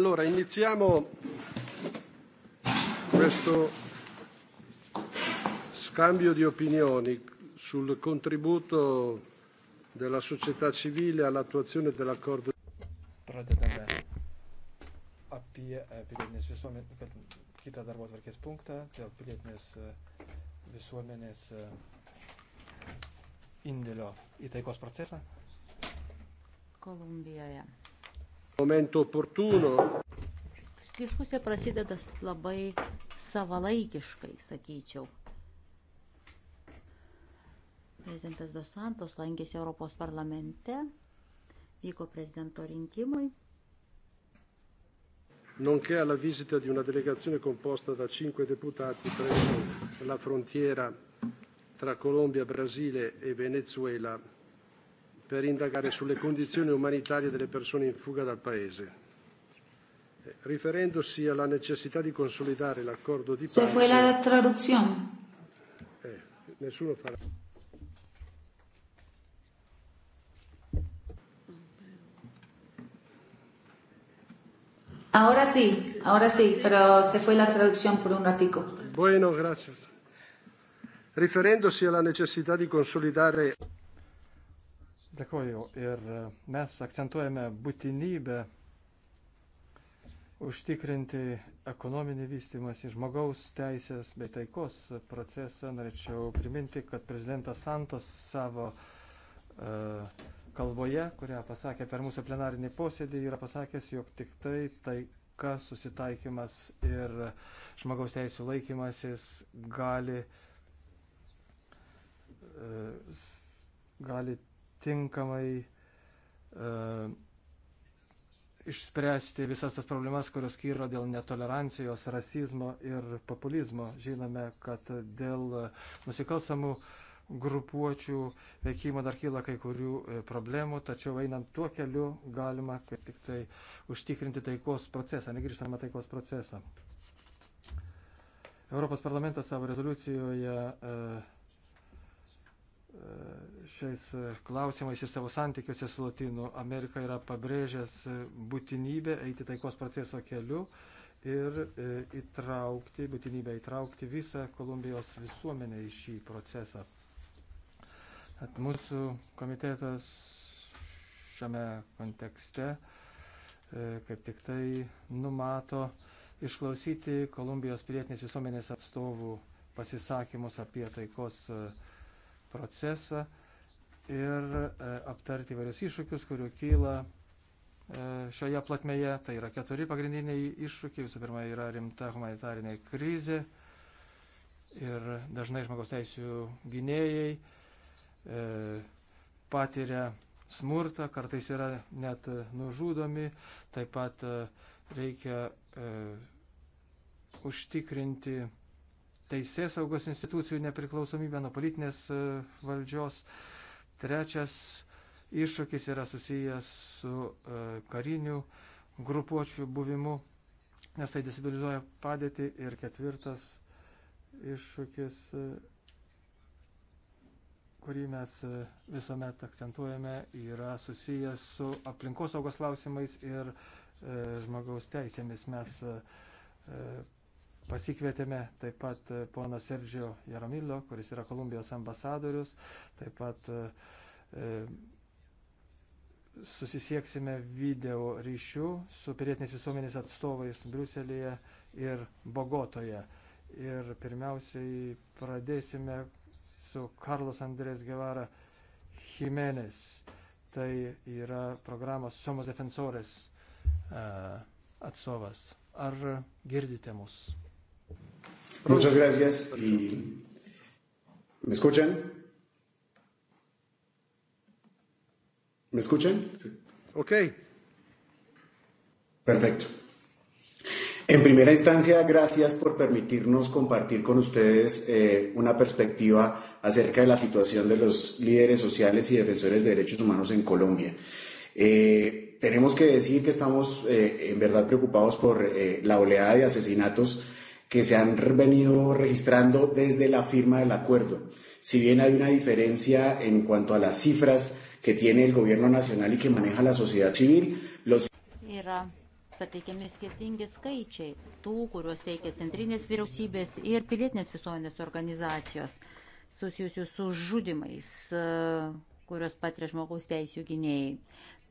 Allora, iniziamo questo scambio di opinioni sul contributo della società civile all'attuazione dell'accordo. Pradedame apie pilietinės visuomenės, kitą darbo tvarkės punktą dėl pilietinės visuomenės indėlio į taikos procesą. Kolumbijoje momentu oportuno. Diskusija prasideda labai savalaikiškai, sakyčiau. Prezidentas Dos Santos lankėsi Europos parlamente, vyko prezidento rinkimai. Nonché alla visita di una delegazione composta da cinque deputati presso la frontiera tra Colombia, Brasile e Venezuela per indagare sulle condizioni umanitarie delle persone in fuga dal paese. Eh, riferendosi alla necessità di consolidare l'accordo di pace... Se fue la traducción. Eh, nessuno parla. Ahora sí, ahora sí, pero se fue la traducción por un ratico. Bueno, gracias. Riferendosi alla necessità di consolidare Dėkuoju. Ir e, mes akcentuojame būtinybę užtikrinti ekonominį vystimąsi, žmogaus teisės bei taikos procesą. Norėčiau priminti, kad prezidentas Santos savo uh, kalboje, kurią pasakė per mūsų plenarinį posėdį, yra pasakęs, jog tik tai taika, susitaikymas ir žmogaus teisų laikymasis gali, uh, gali tinkamai e, išspręsti visas tas problemas, kurios kyra dėl netolerancijos, rasizmo ir populizmo. Žinome, kad dėl nusikalstamų grupuočių veikimo dar kyla kai kurių e, problemų, tačiau einant tuo keliu galima kaip tik tai užtikrinti taikos procesą, negrįžtamą taikos procesą. Europos parlamentas savo rezoliucijoje e, šiais klausimais ir savo santykiuose su Latino Amerika yra pabrėžęs būtinybę eiti taikos proceso keliu ir e, įtraukti, būtinybę įtraukti visą Kolumbijos visuomenę į šį procesą. At mūsų komitetas šiame kontekste e, kaip tik tai numato išklausyti Kolumbijos pilietinės visuomenės atstovų pasisakymus apie taikos uh, procesą ir e, aptarti įvairius iššūkius, kurių kyla e, šioje platmeje. Tai yra keturi pagrindiniai iššūkiai. Visų pirma, yra rimta humanitarinė krizė ir dažnai žmogaus teisų gynėjai e, patiria smurtą, kartais yra net nužudomi. Taip pat e, reikia e, užtikrinti teisės saugos institucijų nepriklausomybę nuo politinės e, valdžios. Trečias iššūkis yra susijęs su e, karinių grupuočių buvimu, nes tai destabilizuoja padėtį. Ir ketvirtas iššūkis, e, kurį mes visuomet akcentuojame, yra susijęs su aplinkosaugos klausimais ir žmogaus teisėmis. Mes Pasikvietėme taip pat e, pono Sergio Jaramillo, kuris yra Kolumbijos ambasadorius, taip pat e, e susisieksime video ryšių su pilietinės visuomenės atstovais Briuselėje ir Bogotoje. Ir pirmiausiai pradėsime su Carlos Andrės Guevara Jimenez. Tai yra programos Somos Defensores e, atstovas. Ar girdite mus? Muchas gracias. Y ¿Me escuchan? ¿Me escuchan? Ok. Perfecto. En primera instancia, gracias por permitirnos compartir con ustedes eh, una perspectiva acerca de la situación de los líderes sociales y defensores de derechos humanos en Colombia. Eh, tenemos que decir que estamos eh, en verdad preocupados por eh, la oleada de asesinatos que se han venido registrando desde la firma del acuerdo. Si bien hay una diferencia en cuanto a las cifras que tiene el gobierno nacional y que maneja la sociedad civil, los. Yra pateikiami skirtingi skaičiai tų, kuriuos teikia centrinės vyriausybės ir pilietinės visuomenės organizacijos susijusių su žudimais, kuriuos patiria žmogaus teisų gynėjai.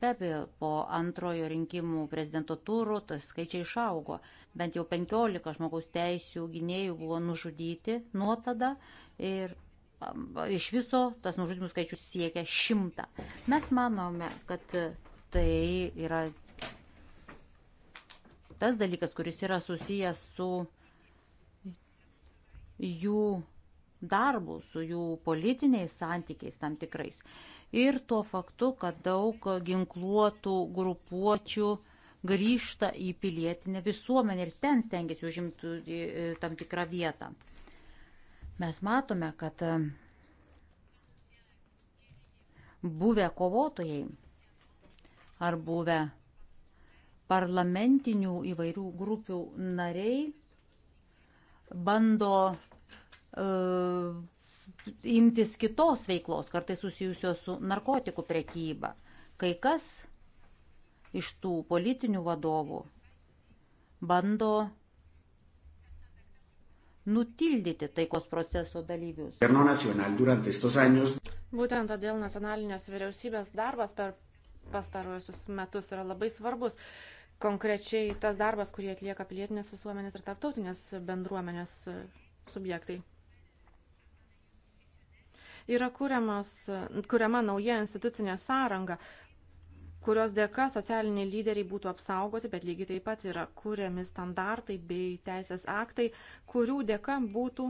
Be abejo, po antrojo rinkimų prezidento turų tas skaičiai išaugo. Bent jau 15 žmogaus teisų gynėjų buvo nužudyti nuo tada ir iš viso tas nužudimų skaičius siekia 100. Mes manome, kad tai yra tas dalykas, kuris yra susijęs su jų darbu, su jų politiniais santykiais tam tikrais. Ir tuo faktu, kad daug ginkluotų grupuočių grįžta į pilietinę visuomenę ir ten stengiasi užimti e, e, tam tikrą vietą. Mes matome, kad e, buvę kovotojai ar buvę parlamentinių įvairių grupių nariai bando E, imtis kitos veiklos, kartai susijusios su narkotikų prekyba. Kai kas iš tų politinių vadovų bando nutildyti taikos proceso dalyvius. Būtent todėl nacionalinės vyriausybės darbas per pastaruosius metus yra labai svarbus. Konkrečiai tas darbas, kurį atlieka pilietinės visuomenės ir tarptautinės bendruomenės subjektai yra kuriamas, kuriama nauja institucinė sąranga, kurios dėka socialiniai lyderiai būtų apsaugoti, bet lygiai taip pat yra kuriami standartai bei teisės aktai, kurių dėka būtų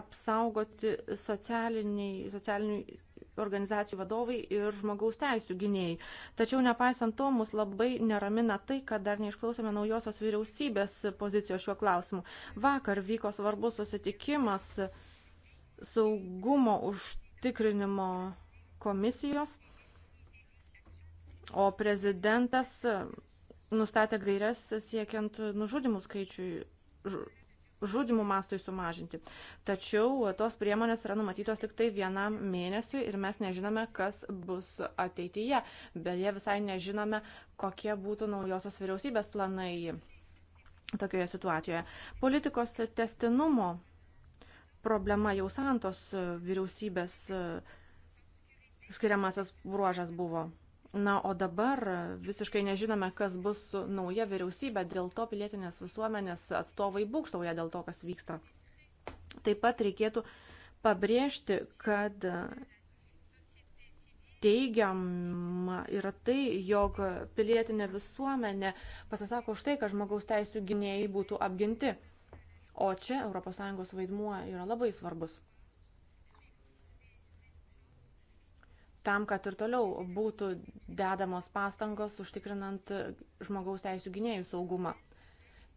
apsaugoti socialinių organizacijų vadovai ir žmogaus teisų gynėjai. Tačiau nepaisant to, mus labai neramina tai, kad dar neišklausėme naujosios vyriausybės pozicijos šiuo klausimu. Vakar vyko svarbus susitikimas saugumo užtikrinimo tikrinimo komisijos, o prezidentas e, nustatė gairias siekiant nužudimų skaičiui, žudimų mastui sumažinti. Tačiau e, tos priemonės yra numatytos tik tai vienam mėnesiui ir mes nežinome, kas bus ateityje. Beje, visai nežinome, kokie būtų naujosios vyriausybės planai tokioje situacijoje. Politikos testinumo problema jau Santos e, vyriausybės e, skiriamasis bruožas buvo. Na, o dabar e, visiškai nežinome, kas bus su nauja vyriausybė, dėl to pilietinės visuomenės atstovai būkštauja dėl to, kas vyksta. Taip pat reikėtų pabrėžti, kad teigiama yra tai, jog pilietinė visuomenė pasisako už tai, kad žmogaus teisų gynėjai būtų apginti. O čia ES vaidmuo yra labai svarbus. Tam, kad ir toliau būtų dedamos pastangos užtikrinant žmogaus teisų gynėjų saugumą.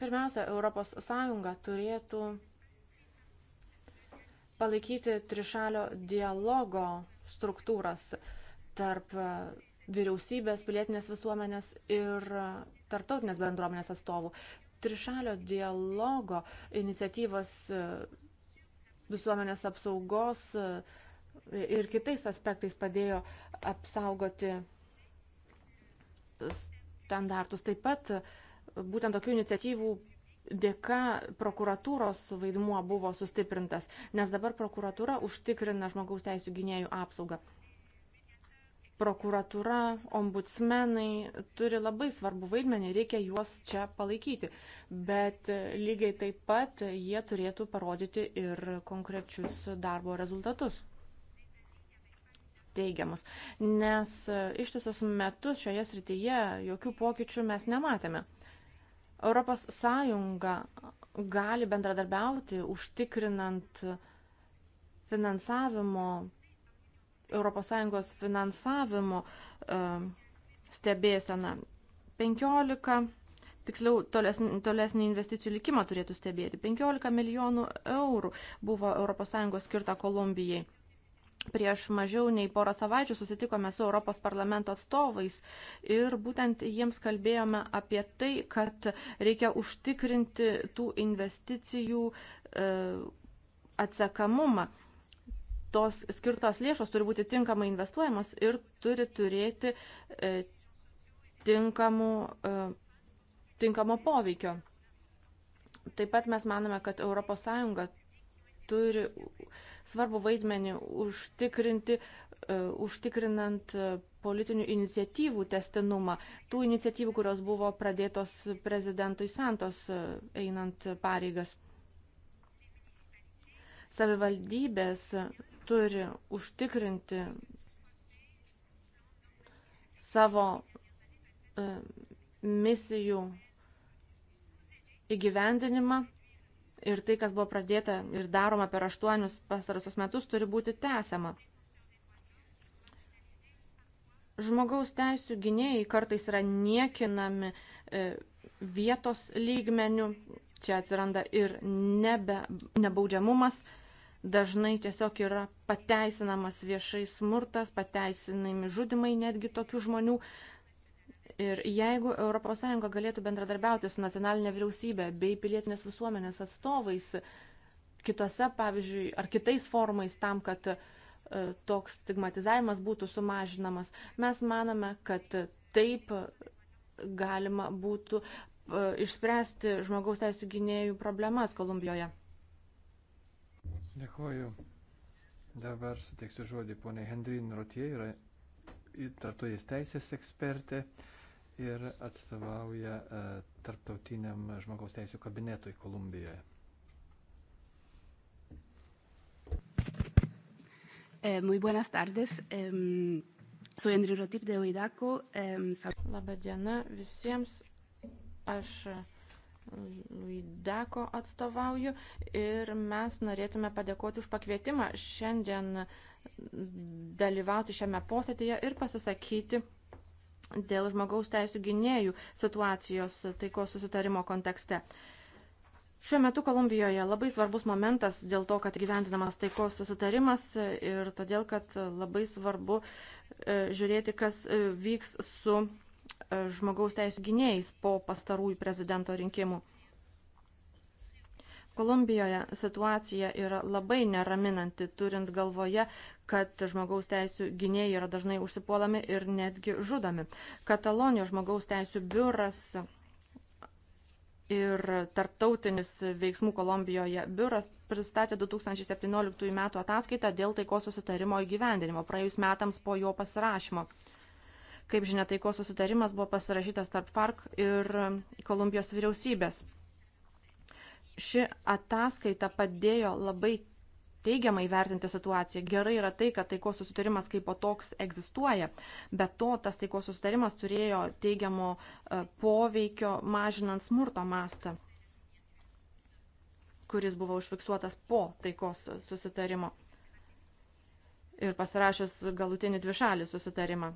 Pirmiausia, ES turėtų palaikyti trišalio dialogo struktūras tarp vyriausybės, pilietinės visuomenės ir tarptautinės bendruomenės atstovų trišalio dialogo iniciatyvas e, visuomenės apsaugos e, ir kitais aspektais padėjo apsaugoti standartus. Taip pat e, būtent tokių iniciatyvų dėka prokuratūros vaidmuo buvo sustiprintas, nes dabar prokuratūra užtikrina žmogaus teisų gynėjų apsaugą prokuratūra, ombudsmenai turi labai svarbu vaidmenį, reikia juos čia palaikyti. Bet e, lygiai taip pat e, jie turėtų parodyti ir konkrečius darbo rezultatus. Teigiamus. Nes e, ištisos metus šioje srityje jokių pokyčių mes nematėme. Europos Sąjunga gali bendradarbiauti, užtikrinant finansavimo ES finansavimo e, stebėsena. 15, tiksliau tolesnį, tolesnį investicijų likimą turėtų stebėti. 15 milijonų eurų buvo ES skirta Kolumbijai. Prieš mažiau nei porą savaičių susitikome su Europos parlamento atstovais ir būtent jiems kalbėjome apie tai, kad reikia užtikrinti tų investicijų e, atsekamumą tos skirtos lėšos turi būti tinkamai investuojamos ir turi turėti e, tinkamų, e, tinkamo poveikio. Taip pat mes manome, kad ES turi svarbu vaidmenį užtikrinti, e, užtikrinant e, politinių iniciatyvų testinumą, tų iniciatyvų, kurios buvo pradėtos prezidentui Santos e, einant pareigas savivaldybės turi užtikrinti savo e, misijų įgyvendinimą ir tai, kas buvo pradėta ir daroma per aštuonius pastarusius metus, turi būti tęsiama. Žmogaus teisų gynėjai kartais yra niekinami e, vietos lygmenių, čia atsiranda ir nebe, nebaudžiamumas, e, dažnai tiesiog yra pateisinamas viešai smurtas, pateisinami žudimai netgi tokių žmonių. Ir jeigu ES galėtų bendradarbiauti su nacionalinė vyriausybė bei pilietinės visuomenės atstovais kitose, pavyzdžiui, ar kitais formais tam, kad uh, toks stigmatizavimas būtų sumažinamas, mes manome, kad taip galima būtų uh, išspręsti žmogaus teisų gynėjų problemas Kolumbijoje. Dėkuoju. Dabar suteiksiu žodį poniai Hendrin Rotie, yra tarptautinės teisės ekspertė ir atstovauja e, tarptautiniam žmogaus teisų kabinetui Kolumbijoje. Eh, muy buenas tardes. Eh, soy Andriu Rotip de Oidaku. Eh, Labą dieną visiems. Aš Luideko atstovauju ir mes norėtume padėkoti už pakvietimą šiandien dalyvauti šiame posėdėje ir pasisakyti dėl žmogaus teisų gynėjų situacijos taikos susitarimo kontekste. Šiuo metu Kolumbijoje labai svarbus momentas dėl to, kad gyvendinamas taikos susitarimas ir todėl, kad labai svarbu e, žiūrėti, kas e, vyks su E, žmogaus teisų gynėjais po pastarųjų prezidento rinkimų. Kolumbijoje situacija yra labai neraminanti, turint galvoje, kad žmogaus teisų gynėjai yra dažnai užsipuolami ir netgi žudomi. Katalonijos žmogaus teisų biuras ir tarptautinis veiksmų Kolumbijoje biuras pristatė 2017 m. ataskaitą dėl taikos susitarimo įgyvendinimo praėjus metams po jo pasirašymo. Kaip žinia, taikos susitarimas buvo pasirašytas tarp FARC ir Kolumbijos vyriausybės. Ši ataskaita padėjo labai teigiamai vertinti situaciją. Gerai yra tai, kad taikos susitarimas kaip po toks egzistuoja, bet to tas taikos susitarimas turėjo teigiamo e, poveikio mažinant smurto mastą, kuris buvo užfiksuotas po taikos susitarimo ir pasirašius galutinį dvišalį susitarimą.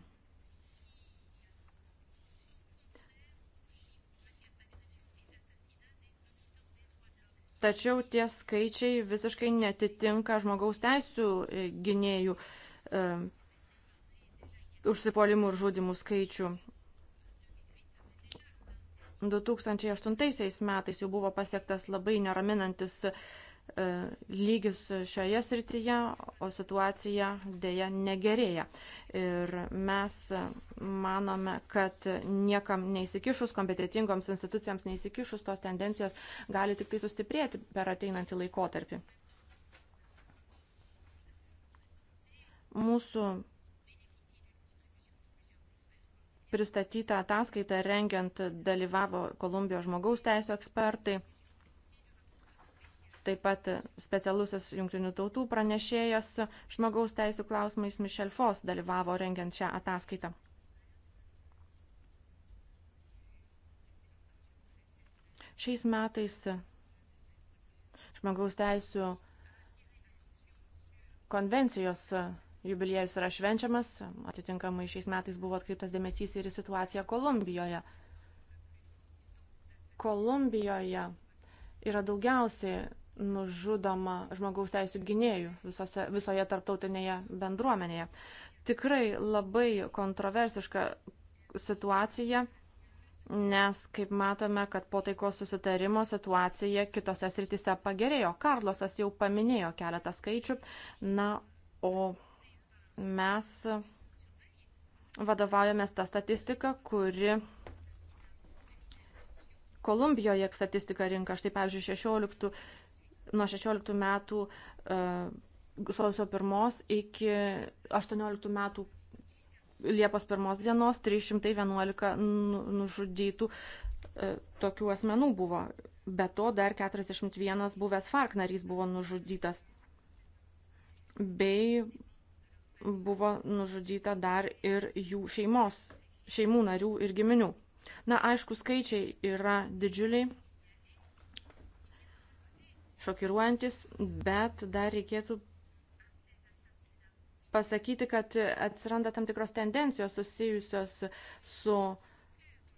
tačiau tie skaičiai visiškai netitinka žmogaus teisų e, gynėjų e, užsipolimų ir žudimų skaičių. 2008 metais jau buvo pasiektas labai neraminantis E, lygis šioje srityje, o situacija dėja negerėja. Ir mes manome, kad niekam neįsikišus, kompetitingoms institucijoms neįsikišus, tos tendencijos gali tik tai sustiprėti per ateinantį laikotarpį. Mūsų pristatytą ataskaitą rengiant dalyvavo Kolumbijos žmogaus teisų ekspertai taip pat specialusis jungtinių tautų pranešėjas žmogaus teisų klausimais Michel Fos dalyvavo rengiant šią ataskaitą. Šiais metais žmogaus teisų konvencijos jubiliejus yra švenčiamas, atitinkamai šiais metais buvo atkreiptas dėmesys ir į situaciją Kolumbijoje. Kolumbijoje yra daugiausiai nužudoma žmogaus teisų gynėjų visose, visoje tarptautinėje bendruomenėje. Tikrai labai kontroversiška situacija, nes, kaip matome, kad po taikos susitarimo situacija kitose srityse pagerėjo. Karlosas jau paminėjo keletą skaičių. Na, o mes vadovaujamės tą statistiką, kuri Kolumbijoje statistika rinka. Štai, pavyzdžiui, 16 nuo 16 metų e, sausio 1 iki 18 metų Liepos 1 dienos 311 nu, nužudytų e, tokių asmenų buvo. Be to dar 41 buvęs FARC narys buvo nužudytas. Bei buvo nužudyta dar ir jų šeimos, šeimų narių ir giminių. Na, aišku, skaičiai yra didžiuliai šokiruojantis, bet dar reikėtų pasakyti, kad atsiranda tam tikros tendencijos susijusios su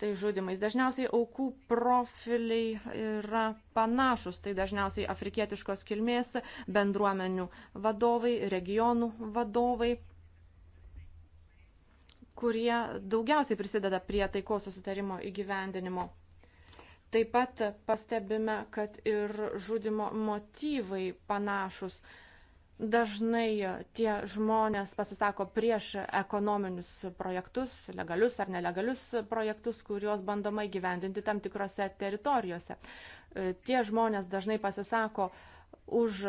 tai žudimais. Dažniausiai aukų profiliai yra panašus, tai dažniausiai afrikietiškos kilmės bendruomenių vadovai, regionų vadovai kurie daugiausiai prisideda prie taikos susitarimo įgyvendinimo. Taip pat pastebime, kad ir žudimo motyvai panašus. Dažnai tie žmonės pasisako prieš ekonominius projektus, legalius ar nelegalius projektus, kuriuos bandoma įgyvendinti tam tikrose teritorijose. E, tie žmonės dažnai pasisako už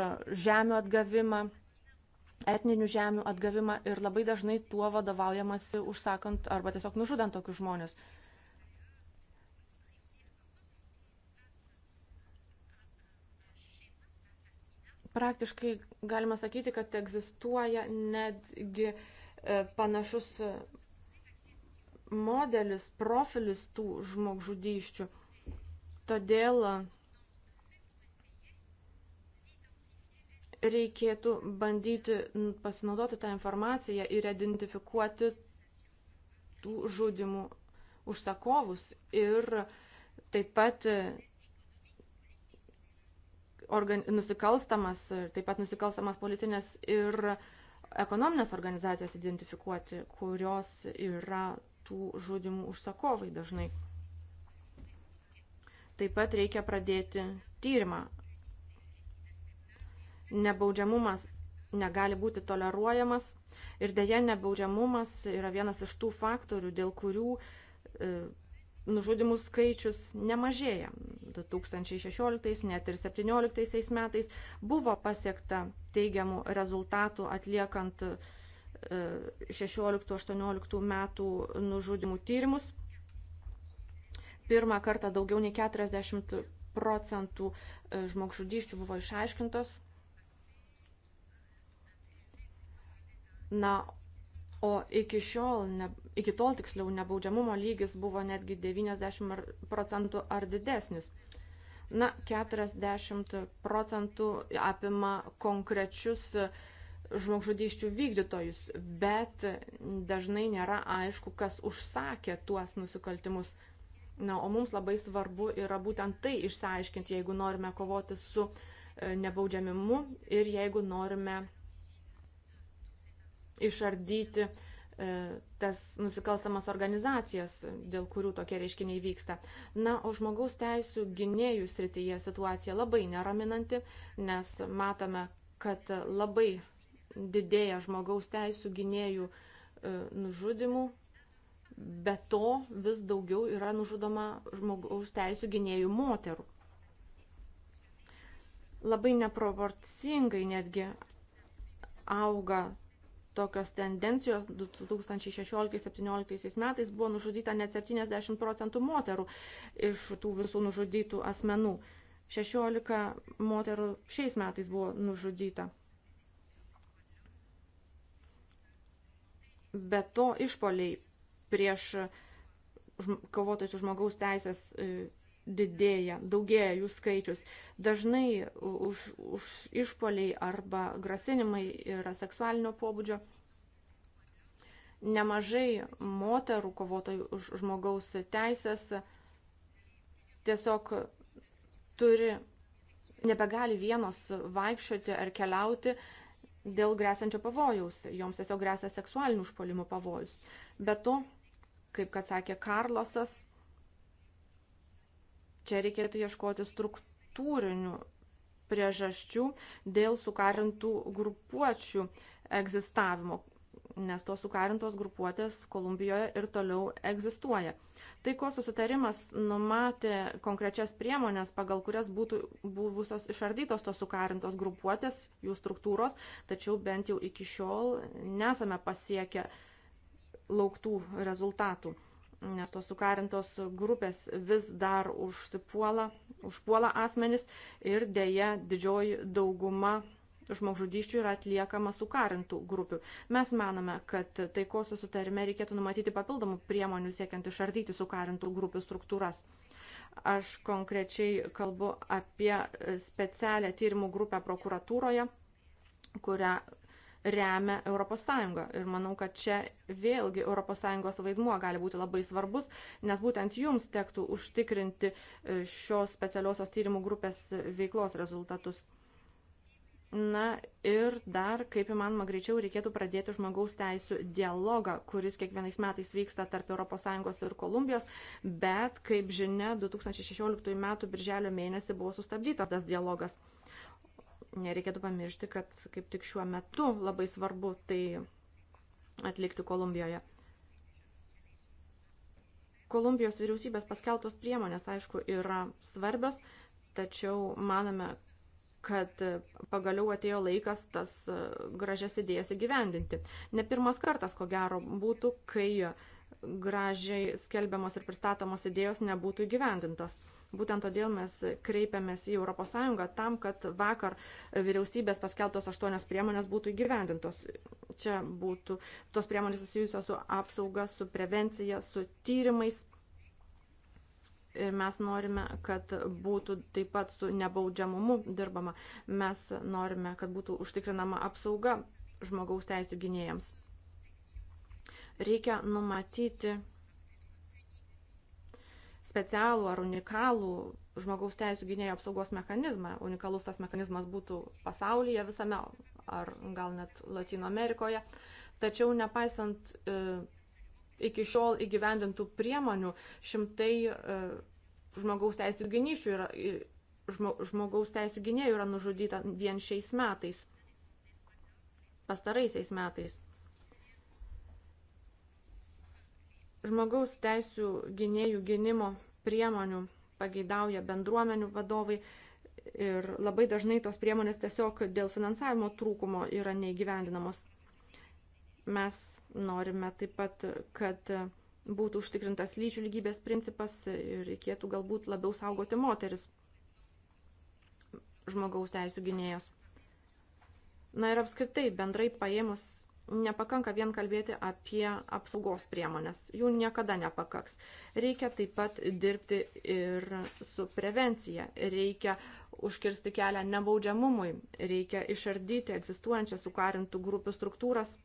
žemio atgavimą, etninių žemių atgavimą ir labai dažnai tuo vadovaujamasi užsakant arba tiesiog nužudant tokius žmonės. Praktiškai galima sakyti, kad egzistuoja netgi e, panašus e, modelis, profilis tų žmogžudyščių. Todėl e, reikėtų bandyti pasinaudoti tą informaciją ir identifikuoti tų žudimų užsakovus ir taip pat organ, nusikalstamas, taip pat nusikalstamas politinės ir ekonominės organizacijas identifikuoti, kurios yra tų žudimų užsakovai dažnai. Taip pat reikia pradėti tyrimą. Nebaudžiamumas negali būti toleruojamas ir dėja nebaudžiamumas yra vienas iš tų faktorių, dėl kurių e, nužudimų skaičius nemažėja. 2016, net ir 2017 metais buvo pasiekta teigiamų rezultatų atliekant 16-18 e, metų nužudimų tyrimus. Pirmą kartą daugiau nei 40 procentų e, žmogžudyščių buvo išaiškintos. Na, O iki, šiol, ne, iki tol tiksliau nebaudžiamumo lygis buvo netgi 90 procentų ar didesnis. Na, 40 procentų apima konkrečius e, žmogžudyščių vykdytojus, bet dažnai nėra aišku, kas užsakė tuos nusikaltimus. Na, o mums labai svarbu yra būtent tai išsiaiškinti, jeigu norime kovoti su e, nebaudžiamimu ir jeigu norime išardyti e, tas nusikalstamas organizacijas, dėl kurių tokie reiškiniai vyksta. Na, o žmogaus teisų gynėjų srityje situacija labai neraminanti, nes matome, kad labai didėja žmogaus teisų gynėjų e, nužudimų, bet to vis daugiau yra nužudoma žmogaus teisų gynėjų moterų. Labai neproporcingai netgi auga tokios tendencijos 2016-2017 metais buvo nužudyta net 70 procentų moterų iš tų visų nužudytų asmenų. 16 moterų šiais metais buvo nužudyta. Be to išpoliai prieš kovotojus už žmogaus teisės e, didėja, daugėja jų skaičius. Dažnai už, už išpoliai arba grasinimai yra seksualinio pobūdžio. Nemažai moterų kovotojų už žmogaus teisės tiesiog turi, nebegali vienos vaikščioti ar keliauti dėl grėsančio pavojaus. Joms tiesiog grėsia seksualinių užpolimų pavojus. Be to, kaip kad sakė Karlosas, Čia reikėtų ieškoti struktūrinių priežasčių dėl sukarintų grupuočių egzistavimo, nes tos sukarintos grupuotės Kolumbijoje ir toliau egzistuoja. Taikos susitarimas numatė konkrečias priemonės, pagal kurias būtų buvusios išardytos tos sukarintos grupuotės, jų struktūros, tačiau bent jau iki šiol nesame pasiekę lauktų rezultatų nes tos sukarintos grupės vis dar užsipuola, užpuola asmenis ir dėja didžioji dauguma žmogžudyščių yra atliekama sukarintų grupių. Mes manome, kad taikos sutarime reikėtų numatyti papildomų priemonių siekiant išardyti sukarintų grupių struktūras. Aš konkrečiai kalbu apie specialią tyrimų grupę prokuratūroje, kurią remia ES. Ir manau, kad čia vėlgi ES vaidmuo gali būti labai svarbus, nes būtent jums tektų užtikrinti e, šios specialiosios tyrimų grupės veiklos rezultatus. Na ir dar, kaip įmanoma greičiau, reikėtų pradėti žmogaus teisų dialogą, kuris kiekvienais metais vyksta tarp ES ir Kolumbijos, bet, kaip žinia, 2016 m. birželio mėnesį buvo sustabdytas tas dialogas nereikėtų pamiršti, kad kaip tik šiuo metu labai svarbu tai atlikti Kolumbijoje. Kolumbijos vyriausybės paskeltos priemonės, aišku, yra svarbios, tačiau manome, kad pagaliau atėjo laikas tas e, gražias idėjas įgyvendinti. Ne pirmas kartas, ko gero, būtų, kai gražiai skelbiamos ir pristatomos idėjos nebūtų įgyvendintas. Būtent todėl mes kreipiamės į ES tam, kad vakar vyriausybės paskelbtos aštuonios priemonės būtų įgyvendintos. Čia būtų tos priemonės susijusios su apsauga, su prevencija, su tyrimais. Ir mes norime, kad būtų taip pat su nebaudžiamumu dirbama. Mes norime, kad būtų užtikrinama apsauga žmogaus teisų gynėjams. Reikia numatyti specialų ar unikalų žmogaus teisų gynėjo apsaugos mechanizmą. Unikalus tas mechanizmas būtų pasaulyje visame, ar gal net Latino Amerikoje. Tačiau nepaisant e, iki šiol įgyvendintų priemonių, šimtai e, žmogaus teisų gynyšių yra, žmo, žmogaus teisų gynėjų yra nužudyta vien šiais metais, pastaraisiais metais. Žmogaus teisų gynėjų gynimo priemonių pageidauja bendruomenių vadovai ir labai dažnai tos priemonės tiesiog dėl finansavimo trūkumo yra neįgyvendinamos. Mes norime taip pat, kad būtų užtikrintas lyčių lygybės principas ir reikėtų galbūt labiau saugoti moteris žmogaus teisų gynėjas. Na ir apskritai, bendrai paėmus nepakanka vien kalbėti apie apsaugos priemonės, jų niekada nepakaks. Reikia taip pat dirbti ir su prevencija, reikia užkirsti kelią nebaudžiamumui, reikia išardyti egzistuojančias sukarintų grupių struktūras,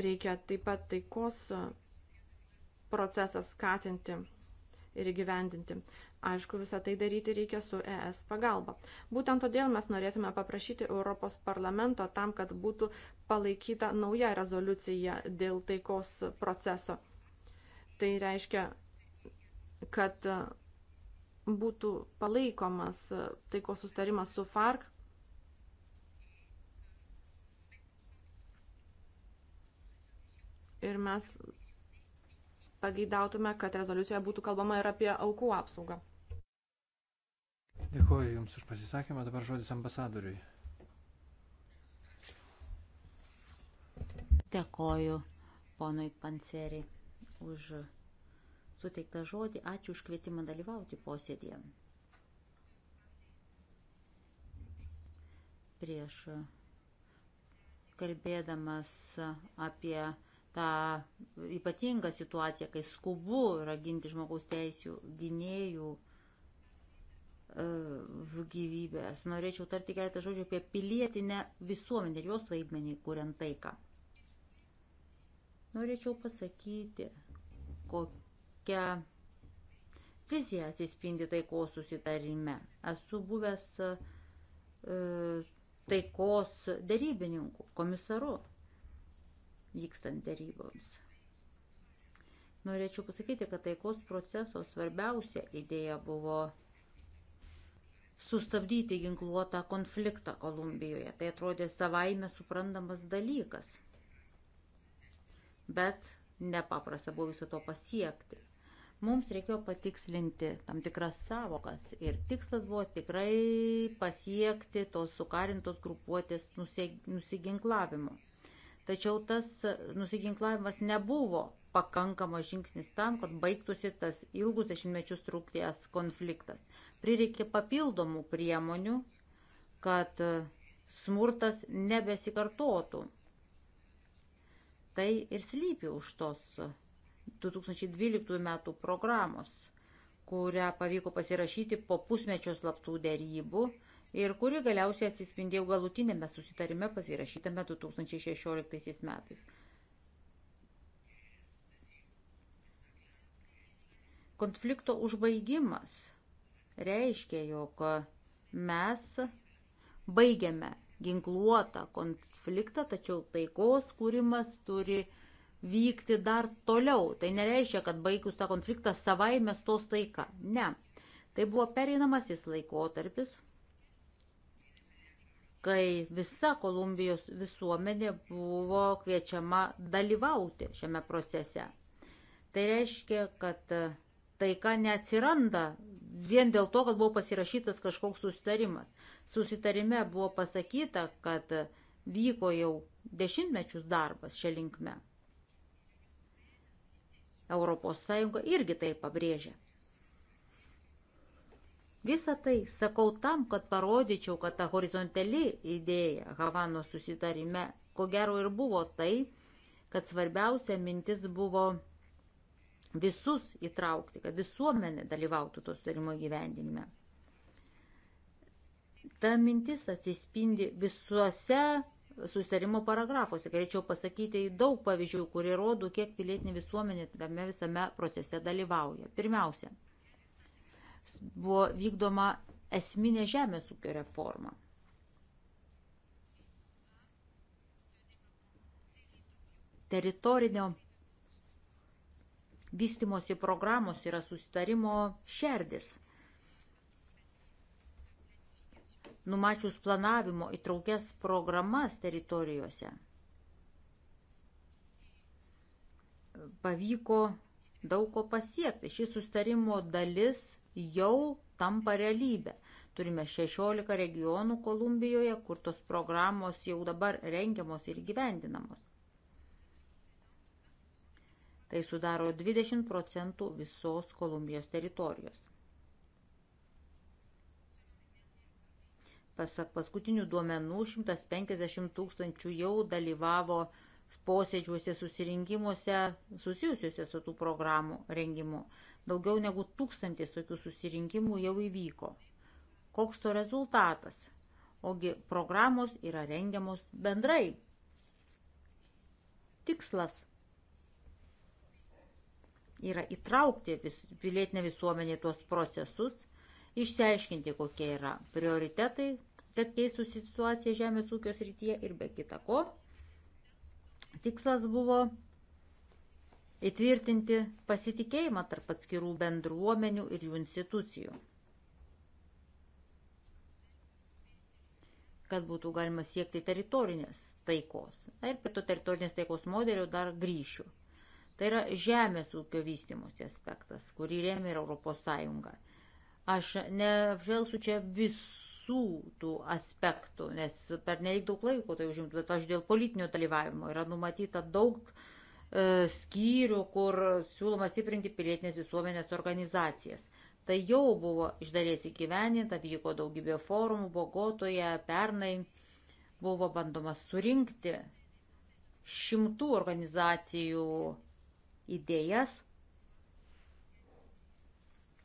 reikia taip pat taikos procesą skatinti ir įgyvendinti. Aišku, visą tai daryti reikia su ES pagalba. Būtent todėl mes norėtume paprašyti Europos parlamento tam, kad būtų palaikyta nauja rezoliucija dėl taikos proceso. Tai reiškia, kad būtų palaikomas taikos sustarimas su FARC. Ir mes pageidautume, kad rezoliucijoje būtų kalbama ir apie aukų apsaugą. Dėkuoju Jums už pasisakymą. Dabar žodis ambasadoriui. Dėkuoju ponui Panceri už suteiktą žodį. Ačiū už kvietimą dalyvauti posėdėje. Prieš kalbėdamas apie tą ypatingą situaciją, kai skubu yra ginti žmogaus teisų gynėjų E, gyvybės. Norėčiau tarti keletą žodžių apie pilietinę visuomenę ir jos vaidmenį, kuriant taiką. Norėčiau pasakyti, kokią viziją atsispindi taikos susitarime. Esu buvęs e, taikos darybininku, komisaru, vykstant daryboms. Norėčiau pasakyti, kad taikos proceso svarbiausia idėja buvo sustabdyti ginkluotą konfliktą Kolumbijoje. Tai atrodė savaime suprantamas dalykas. Bet nepaprasta buvo viso to pasiekti. Mums reikėjo patikslinti tam tikras savokas ir tikslas buvo tikrai pasiekti tos sukarintos grupuotės nusiginklavimo. Tačiau tas nusiginklavimas nebuvo pakankamas žingsnis tam, kad baigtųsi tas ilgus dešimtmečius trukties konfliktas. Prireikė papildomų priemonių, kad e, smurtas nebesikartotų. Tai ir slypi už tos 2012 e, metų programos, kurią pavyko pasirašyti po pusmečio slaptų dėrybų ir kuri galiausiai atsispindėjo galutinėme susitarime pasirašytame 2016 metais. Konflikto užbaigimas reiškia, jog mes baigiame ginkluotą konfliktą, tačiau taikos kūrimas turi vykti dar toliau. Tai nereiškia, kad baigus tą konfliktą savai mes tos taika. Ne. Tai buvo pereinamasis laikotarpis, kai visa Kolumbijos visuomenė buvo kviečiama dalyvauti šiame procese. Tai reiškia, kad taika neatsiranda vien dėl to, kad buvo pasirašytas kažkoks susitarimas. Susitarime buvo pasakyta, kad vyko jau dešimtmečius darbas šią linkmę. Europos Sąjunga irgi tai pabrėžia. Visą tai sakau tam, kad parodyčiau, kad ta horizontali idėja Havano susitarime, ko gero ir buvo tai, kad svarbiausia mintis buvo visus įtraukti, kad visuomenė dalyvautų to sutarimo gyvendinime. Ta mintis atsispindi visuose susitarimo paragrafuose. Galėčiau pasakyti daug pavyzdžių, kurie rodo, kiek pilietinė visuomenė tame visame procese dalyvauja. Pirmiausia, buvo vykdoma esminė žemės ūkio reforma. Teritorinio vystimosi programos yra susitarimo šerdis. Numačius planavimo įtraukės programas teritorijose pavyko daug ko pasiekti. Šis sustarimo dalis jau tampa realybė. Turime 16 regionų Kolumbijoje, kur tos programos jau dabar rengiamos ir gyvendinamos. Tai sudaro 20 procentų visos Kolumbijos teritorijos. Pasak paskutinių duomenų 150 tūkstančių jau dalyvavo posėdžiuose, susirinkimuose susijusiuose su tų programų rengimu. Daugiau negu tūkstantis tokių susirinkimų jau įvyko. Koks to rezultatas? Ogi programos yra rengiamos bendrai. Tikslas yra įtraukti vis, pilietinę visuomenę į tuos procesus, išsiaiškinti, kokie yra prioritetai, kad keistųsi situacija žemės ūkio srityje ir be kita ko. Tikslas buvo įtvirtinti pasitikėjimą tarp atskirų bendruomenių ir jų institucijų. kad būtų galima siekti teritorinės taikos. Na ir prie to teritorinės taikos modelio dar grįšiu. Tai yra žemės ūkio vystimosi aspektas, kurį rėmė ir Europos Sąjunga. Aš neapžvelgsiu čia visų tų aspektų, nes per nelik daug laiko tai užimtų, bet aš dėl politinio dalyvavimo yra numatyta daug e, skyrių, kur siūloma stiprinti pilietinės visuomenės organizacijas. Tai jau buvo iš dalies įgyveninta, vyko daugybė forumų Bogotoje, pernai buvo bandoma surinkti šimtų organizacijų idėjas.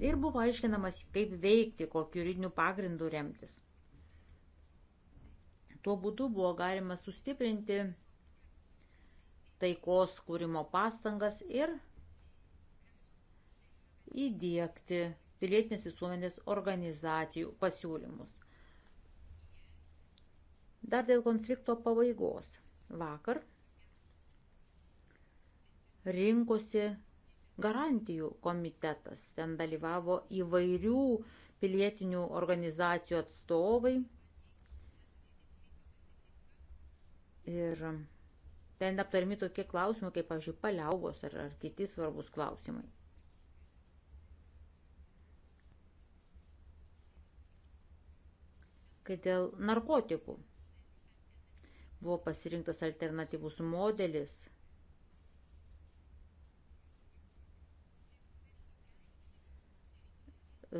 Ir buvo aiškinamas, kaip veikti, kokiu juridiniu pagrindu remtis. Tuo būdu buvo galima sustiprinti taikos kūrimo pastangas ir įdėkti pilietinės visuomenės organizacijų pasiūlymus. Dar dėl konflikto pabaigos. Vakar rinkosi garantijų komitetas. Ten dalyvavo įvairių pilietinių organizacijų atstovai. Ir ten aptarimi tokie klausimai, kaip, pavyzdžiui, paliaubos ar, ar kiti svarbus klausimai. Kai dėl narkotikų buvo pasirinktas alternatyvus modelis – E,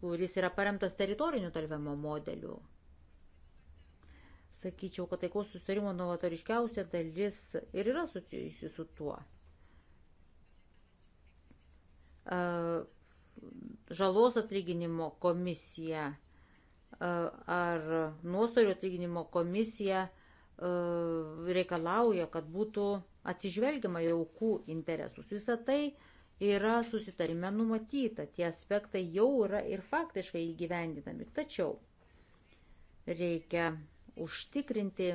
kuris yra paremtas teritoriniu dalyvavimo modeliu. Sakyčiau, kad taikos sustarimo novatoriškiausia dalis ir yra susijusi su tuo. E, žalos atlyginimo komisija e, ar nuostolių atlyginimo komisija reikalauja, kad būtų atsižvelgiama į aukų interesus. Visą tai uh, yra susitarime numatyta, tie aspektai jau yra ir faktiškai įgyvendinami. Tačiau reikia užtikrinti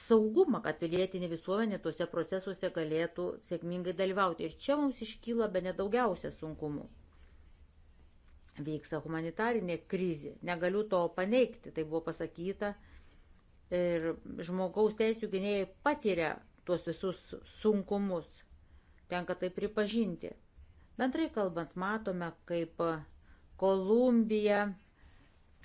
saugumą, kad pilietinė visuomenė tuose procesuose galėtų sėkmingai dalyvauti. Ir čia mums iškyla be nedaugiausia sunkumų. Vyksta humanitarinė krizė, negaliu to paneigti, tai buvo pasakyta. Ir žmogaus teisų gynėjai patiria tuos visus sunkumus. Tenka tai pripažinti. Bendrai kalbant, matome, kaip Kolumbija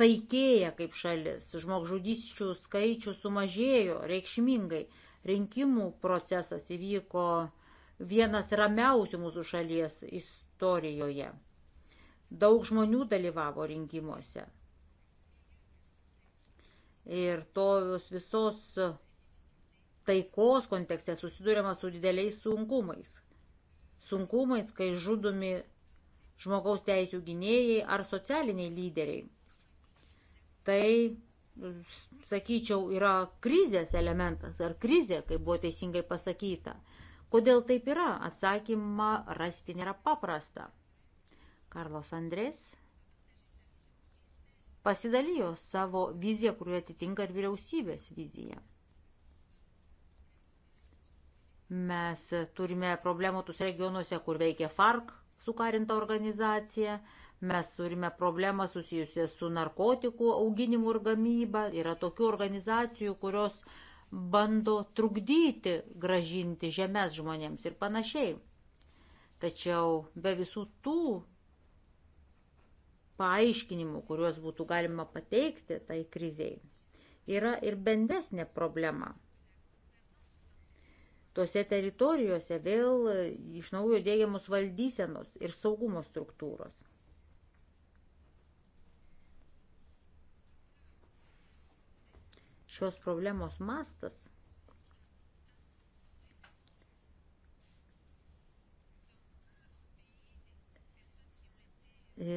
taikėja kaip šalis, žmogžudysčių skaičių sumažėjo reikšmingai, rinkimų procesas įvyko vienas ramiausių mūsų šalies istorijoje. Daug žmonių dalyvavo rinkimuose. Ir tos visos taikos kontekste susidurima su dideliais sunkumais. Sunkumais, kai žudomi žmogaus teisų gynėjai ar socialiniai lyderiai. Tai sakyčiau, yra krizės elementas ar krizė, kaip buvo teisingai pasakyta. Kodėl taip yra? Atsakymą rasti nėra paprasta. Karlos Andrės pasidalijo savo viziją, kuri atitinka ir vyriausybės viziją. Mes turime problemų tus regionuose, kur veikia FARC sukarinta organizacija. Mes turime problemą susijusią su narkotikų auginimu ir gamyba. Yra tokių organizacijų, kurios bando trukdyti gražinti žemės žmonėms ir panašiai. Tačiau be visų tų paaiškinimų, kuriuos būtų galima pateikti tai kriziai, yra ir bendresnė problema – Tuose teritorijose vėl iš naujo dėgiamos valdysenos ir saugumo struktūros. Šios problemos mastas e,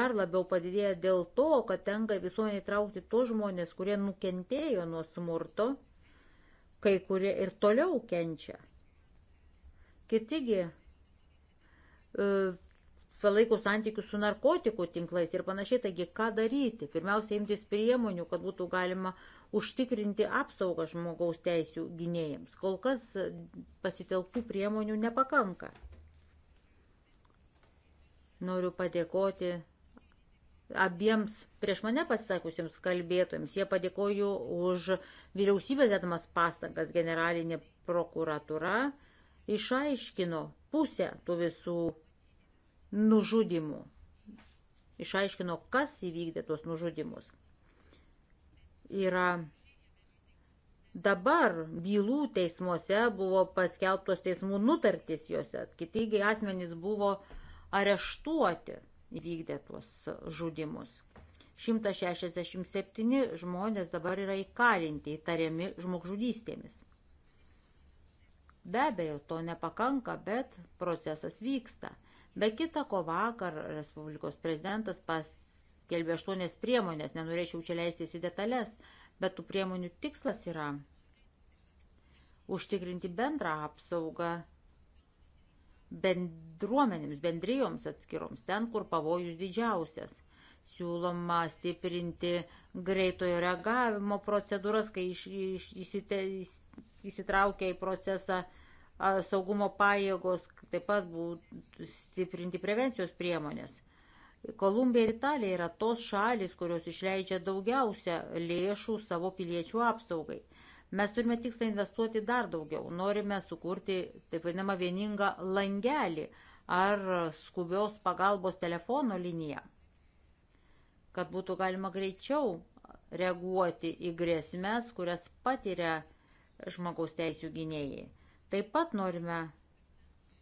dar labiau padidėja dėl to, kad tenka visuomenį traukti tos žmonės, kurie nukentėjo nuo smurto kai kurie ir toliau kenčia. Kitigi e, palaiko santykius su narkotikų tinklais ir panašiai. Taigi, ką daryti? Pirmiausia, imtis priemonių, kad būtų galima užtikrinti apsaugą žmogaus teisų gynėjams. Kol kas pasitelktų priemonių nepakanka. Noriu padėkoti abiems prieš mane pasisakusiems kalbėtojams. Jie padėkoju už vyriausybės dėdamas pastangas. Generalinė prokuratura išaiškino pusę tų visų nužudimų. Išaiškino, kas įvykdė tuos nužudimus. Yra Dabar bylų teismuose buvo paskelbtos teismų nutartys juose, kitigi asmenys buvo areštuoti vykdė tuos žudimus. 167 žmonės dabar yra įkalinti, įtariami žmogžudystėmis. Be abejo, to nepakanka, bet procesas vyksta. Be kita ko vakar Respublikos prezidentas paskelbė aštuonias priemonės, nenorėčiau čia leistis į detalės, bet tų priemonių tikslas yra užtikrinti bendrą apsaugą bendruomenėms, bendrijoms atskiroms, ten, kur pavojus didžiausias. Siūloma stiprinti greitojo reagavimo procedūras, kai iš, iš, įsite, įsitraukia į procesą saugumo pajėgos, taip pat būtų stiprinti prevencijos priemonės. Kolumbija ir Italija yra tos šalis, kurios išleidžia daugiausia lėšų savo piliečių apsaugai. Mes turime tikslą investuoti dar daugiau. Norime sukurti taip vadinamą vieningą langelį ar skubios pagalbos telefono liniją, kad būtų galima greičiau reaguoti į grėsmės, kurias patiria žmogaus teisų gynėjai. Taip pat norime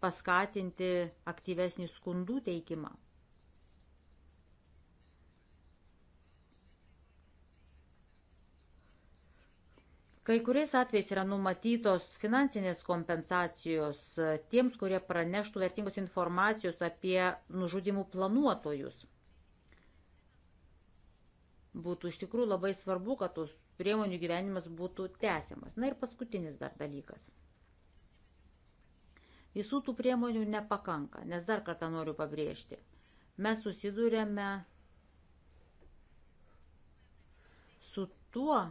paskatinti aktyvesnį skundų teikimą. Kai kuriais atvejais yra numatytos finansinės kompensacijos e, tiems, kurie praneštų vertingos informacijos apie nužudimų planuotojus. Būtų iš tikrųjų labai svarbu, kad tos priemonių gyvenimas būtų tęsiamas. Na ir paskutinis dar dalykas. Visų tų priemonių nepakanka, nes dar kartą noriu pabrėžti. Mes susidurėme su tuo,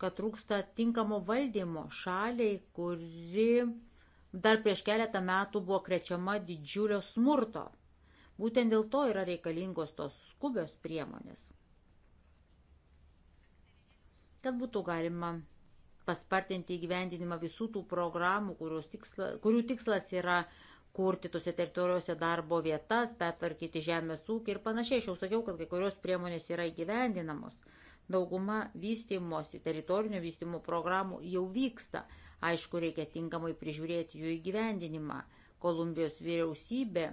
kad trūksta tinkamo valdymo šaliai, kuri dar prieš keletą metų buvo krečiama didžiulio smurto. Būtent dėl to yra reikalingos tos skubios priemonės. Kad būtų galima paspartinti įgyvendinimą visų tų programų, tiksla, kurių tikslas yra kurti tose teritorijose darbo vietas, pertvarkyti žemės ūkį ir panašiai. Aš jau sakiau, kad kai kurios priemonės yra įgyvendinamos. Dauguma vystymosi, teritorinio vystymo programų jau vyksta. Aišku, reikia tinkamai prižiūrėti jų įgyvendinimą. Kolumbijos vyriausybė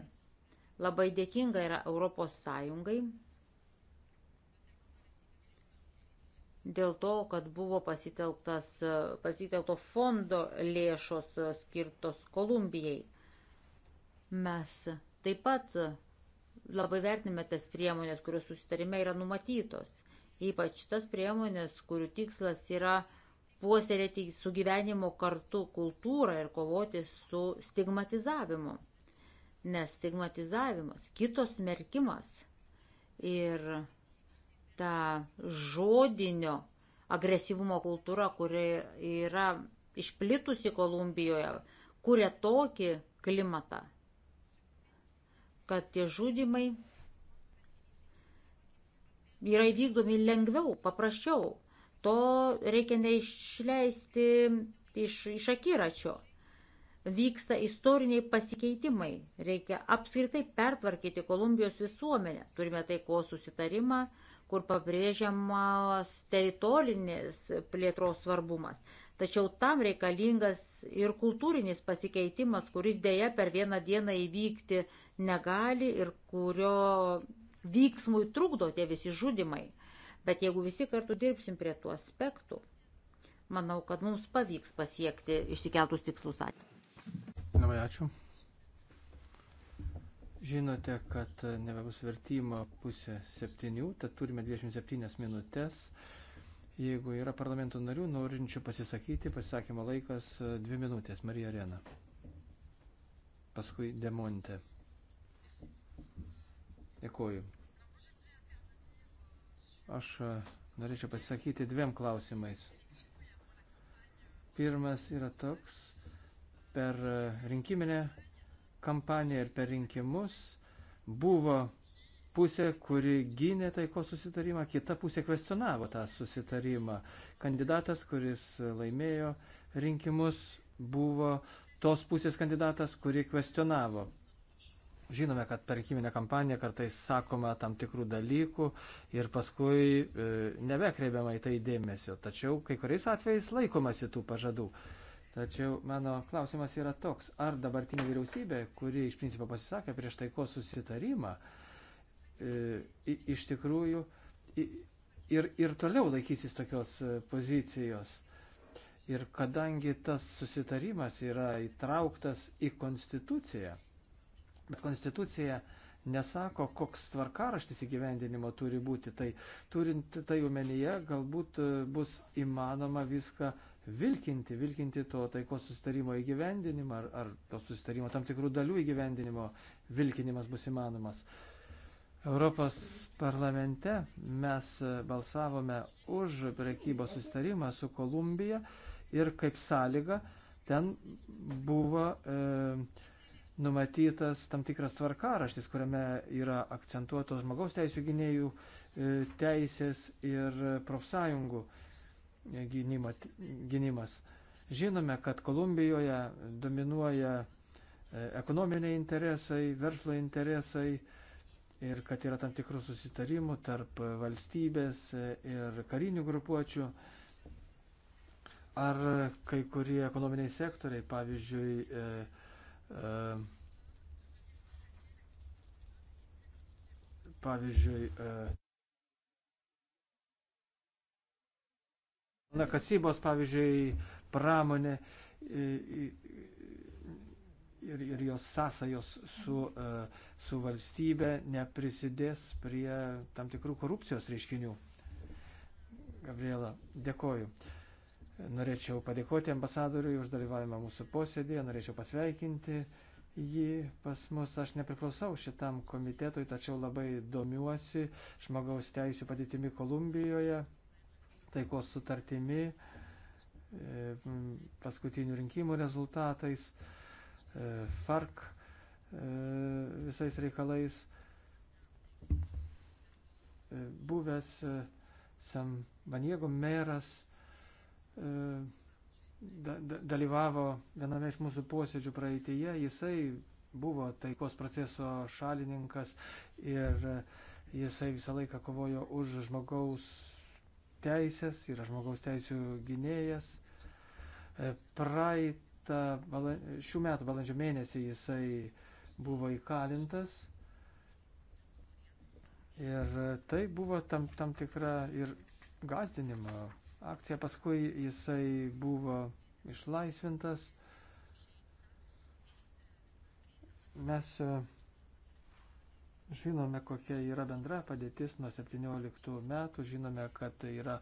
labai dėkinga yra Europos Sąjungai dėl to, kad buvo pasitelkto fondo lėšos skirtos Kolumbijai. Mes taip pat labai vertiname tas priemonės, kurios susitarime yra numatytos ypač tas priemonės, kurių tikslas yra puoselėti sugyvenimo kartu kultūrą ir kovoti su stigmatizavimu. Nes stigmatizavimas, kitos merkimas ir ta žodinio agresyvumo kultūra, kuri yra išplitusi Kolumbijoje, kuria tokį klimatą, kad tie žudimai yra įvykdomi lengviau, paprasčiau. To reikia neišleisti iš, iš akiračio. Vyksta istoriniai pasikeitimai. Reikia apskritai pertvarkyti Kolumbijos visuomenę. Turime taiko susitarimą, kur pabrėžiamas teritorinės plėtros svarbumas. Tačiau tam reikalingas ir kultūrinis pasikeitimas, kuris dėja per vieną dieną įvykti negali ir kurio vyksmui trukdo tie visi žudimai. Bet jeigu visi kartu dirbsim prie tų aspektų, manau, kad mums pavyks pasiekti išsikeltus tikslus. Labai ačiū. Žinote, kad nebebus vertimo pusė septynių, tad turime 27 minutės. Jeigu yra parlamento narių norinčių pasisakyti, pasisakymo laikas dvi minutės. Marija Arena. Paskui Demonte. Dėkuoju. Aš e, norėčiau pasisakyti dviem klausimais. Pirmas yra toks, per e, rinkiminę kampaniją ir per rinkimus buvo pusė, kuri gynė taiko susitarimą, kita pusė kvestionavo tą susitarimą. Kandidatas, kuris laimėjo rinkimus, buvo tos pusės kandidatas, kuri kvestionavo Žinome, kad per rinkiminę kampaniją kartais sakoma tam tikrų dalykų ir paskui e, nebekreipiama į tai dėmesio. Tačiau kai kuriais atvejais laikomasi tų pažadų. Tačiau mano klausimas yra toks, ar dabartinė vyriausybė, kuri iš principo pasisakė prieš taikos susitarimą, e, iš tikrųjų ir, ir toliau laikysis tokios e, pozicijos. Ir kadangi tas susitarimas yra įtrauktas į konstituciją, Bet konstitucija nesako, koks tvarkaraštis įgyvendinimo turi būti. Tai turint tai omenyje, galbūt e, bus įmanoma viską vilkinti, vilkinti to taikos sustarimo įgyvendinimą ar, ar to sustarimo tam tikrų dalių įgyvendinimo vilkinimas bus įmanomas. Europos parlamente mes e, balsavome už prekybos sustarimą su Kolumbija ir kaip sąlyga ten buvo e, numatytas tam tikras tvarkaraštis, kuriame yra akcentuotos žmogaus teisų gynėjų e, teisės ir profsąjungų e, gynimas. Žinome, kad Kolumbijoje dominuoja e, ekonominiai interesai, verslo interesai ir kad yra tam tikrų susitarimų tarp valstybės ir karinių grupuočių. Ar kai kurie ekonominiai sektoriai, pavyzdžiui, E, pavyzdžiui, e, na, kasybos, pavyzdžiui, pramonė ir, ir jos sąsajos su, e, su valstybe neprisidės prie tam tikrų korupcijos reiškinių. Gabriela, dėkoju. Norėčiau padėkoti ambasadoriui už dalyvavimą mūsų posėdėje, norėčiau pasveikinti jį pas mus. Aš nepriklausau šitam komitetui, tačiau labai domiuosi žmogaus teisų padėtimi Kolumbijoje, taikos sutartimi, e, paskutinių rinkimų rezultatais, e, FARC e, visais reikalais. Buvęs Sam Baniego meras E, dalyvavo viename iš mūsų posėdžių praeitėje, jisai buvo taikos proceso šalininkas ir jisai visą laiką kovojo už žmogaus teisės, yra žmogaus teisų gynėjas. E, praeitą, šių metų balandžio mėnesį jisai buvo įkalintas. Ir tai buvo tam, tam tikra ir gazdinimo akciją, paskui jisai buvo išlaisvintas. Mes e, žinome, kokia yra bendra padėtis nuo 17 metų, žinome, kad tai yra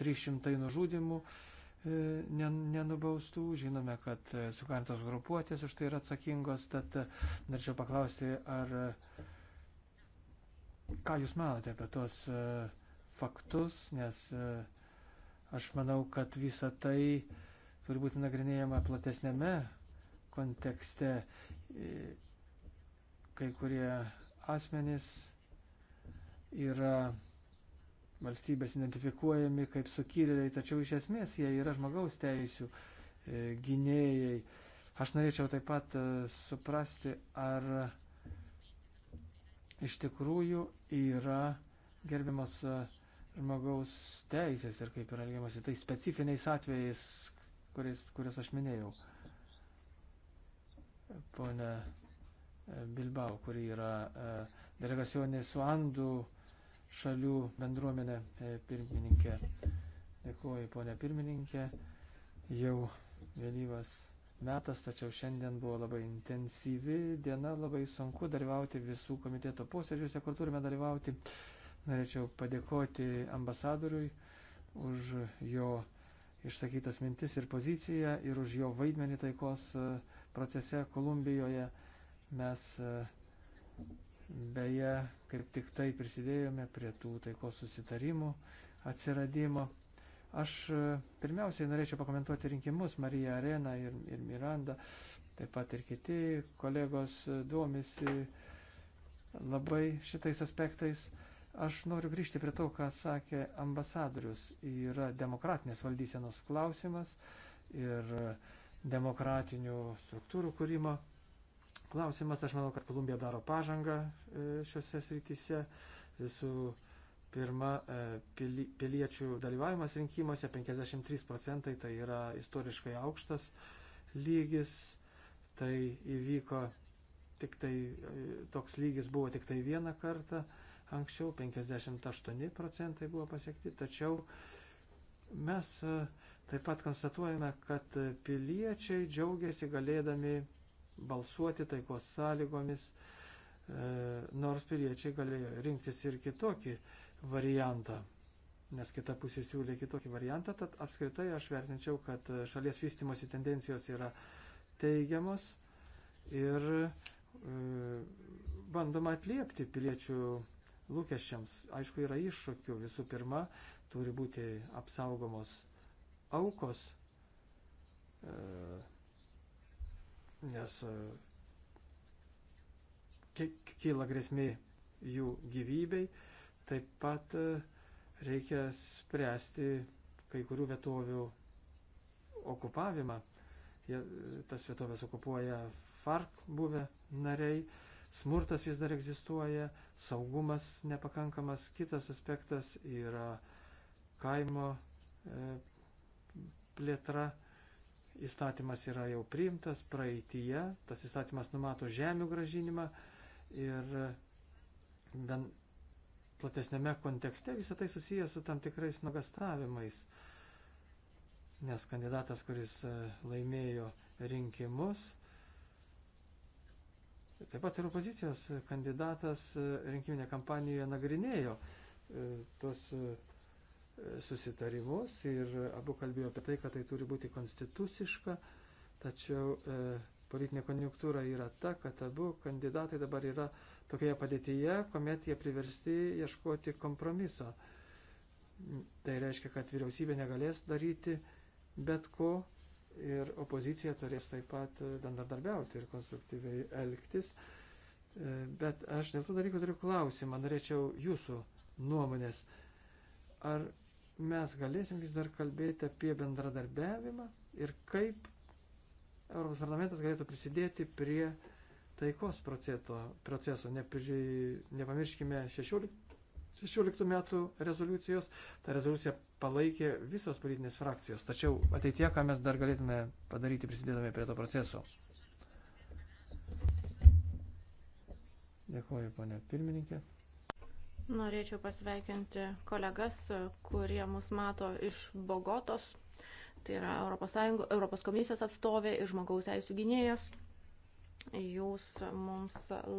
300 nužudimų e, nenubaustų, žinome, kad e, sukarintos grupuotės už tai yra atsakingos, tad norėčiau paklausti, ar ką Jūs manote apie tos faktus, nes uh, Aš manau, kad visa tai turi būti nagrinėjama platesnėme kontekste. E, kai kurie asmenys yra valstybės identifikuojami kaip sukilėliai, tačiau iš esmės jie yra žmogaus teisų e, gynėjai. Aš norėčiau taip pat e, suprasti, ar iš tikrųjų yra gerbiamas uh, žmogaus teisės ir kaip yra elgiamasi tai specifiniais atvejais, kuriais, kuriuos aš minėjau. Pone e, Bilbao, kuri yra e, delegacionė su Andų šalių bendruomenė e, pirmininkė. Dėkuoju, ponė pirmininkė. Jau vėlyvas metas, tačiau šiandien buvo labai intensyvi diena, labai sunku dalyvauti visų komiteto posėdžiuose, kur turime dalyvauti. Uh, Norėčiau padėkoti ambasadoriui už jo išsakytas mintis ir poziciją ir už jo vaidmenį taikos e, procese Kolumbijoje. Mes e, beje kaip tik tai prisidėjome prie tų taikos susitarimų atsiradimo. Aš e, pirmiausiai norėčiau pakomentuoti rinkimus Marija Arena ir, ir Miranda, taip pat ir kiti kolegos duomisi labai šitais aspektais. Aš noriu grįžti prie to, ką sakė ambasadorius. Yra demokratinės valdysenos klausimas ir demokratinių struktūrų kūrimo klausimas. Aš manau, kad Kolumbija daro pažangą e, šiuose srityse. Visų pirma, e, piliečių dalyvavimas rinkimuose 53 procentai, tai yra istoriškai aukštas lygis. Tai įvyko tik tai, e, toks lygis buvo tik tai vieną kartą. Anksčiau 58 procentai buvo pasiekti, tačiau mes e, taip pat konstatuojame, kad piliečiai džiaugiasi galėdami balsuoti taikos sąlygomis, e, nors piliečiai galėjo rinktis ir kitokį variantą, nes kita pusė siūlė kitokį variantą, tad apskritai aš vertinčiau, kad šalies vystimosi tendencijos yra teigiamos ir e, bandoma atliepti piliečių lūkesčiams. Aišku, yra iššūkių. Visų pirma, turi būti apsaugomos aukos, e, nes e, kyla grėsmė jų gyvybei. Taip pat e, reikia spręsti kai kurių vietovių okupavimą. Jie, tas vietovės okupuoja FARC buvę nariai smurtas vis dar egzistuoja, saugumas nepakankamas. Kitas aspektas yra kaimo e, plėtra. Įstatymas yra jau priimtas praeitie, tas įstatymas numato žemių gražinimą ir ben, platesnėme kontekste visą tai susijęs su tam tikrais nugastavimais, nes kandidatas, kuris e, laimėjo rinkimus, Taip pat ir opozicijos kandidatas e, rinkiminė kampanijoje nagrinėjo e, tos e, susitarimus ir abu kalbėjo apie tai, kad tai turi būti konstituciška, tačiau politinė konjunktūra yra ta, kad abu kandidatai dabar yra tokioje padėtyje, kuomet jie priversti ieškoti kompromiso. Tai reiškia, kad vyriausybė negalės daryti bet ko, ir opozicija turės taip pat e, bendradarbiauti ir konstruktyviai elgtis. E, bet aš dėl tų dalykų turiu klausimą, norėčiau jūsų nuomonės. Ar mes galėsim vis dar kalbėti apie bendradarbiavimą ir kaip Europos parlamentas galėtų prisidėti prie taikos proceso. proceso. Nepri, nepamirškime 16 16 metų rezoliucijos. Ta rezoliucija palaikė visos politinės frakcijos. Tačiau ateitie, ką mes dar galėtume padaryti prisidėdami prie to proceso. Dėkuoju, ponė pirmininkė. Norėčiau pasveikinti kolegas, kurie mus mato iš Bogotos. Tai yra Europos, Sąjungo, Europos komisijos atstovė ir žmogaus teisų gynėjas. Jūs mums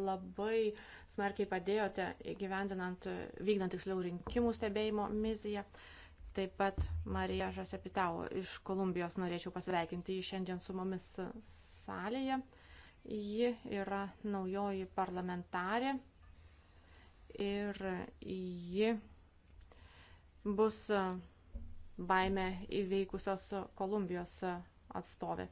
labai smarkiai padėjote gyvendinant, vykdant tiksliau rinkimų stebėjimo misiją. Taip pat Marija Žasepitau iš Kolumbijos norėčiau pasveikinti jį šiandien su mumis salėje. Ji yra naujoji parlamentarė ir ji bus baimę įveikusios Kolumbijos atstovė.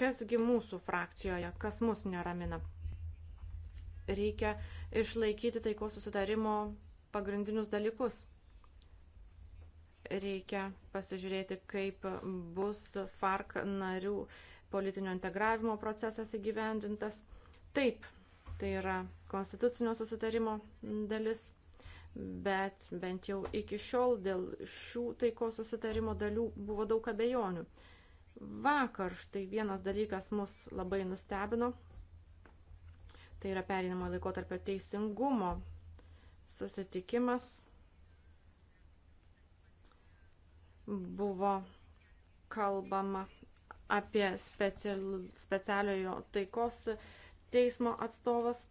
kasgi mūsų frakcijoje, kas mus neramina. Reikia išlaikyti taikos susitarimo pagrindinius dalykus. Reikia pasižiūrėti, kaip bus FARC narių politinio integravimo procesas įgyvendintas. Taip, tai yra konstitucinio susitarimo dalis, bet bent jau iki šiol dėl šių taikos susitarimo dalių buvo daug abejonių. Vakar štai vienas dalykas mus labai nustebino. Tai yra perinamo laikotarpio teisingumo susitikimas buvo kalbama apie specialiojo taikos teismo atstovas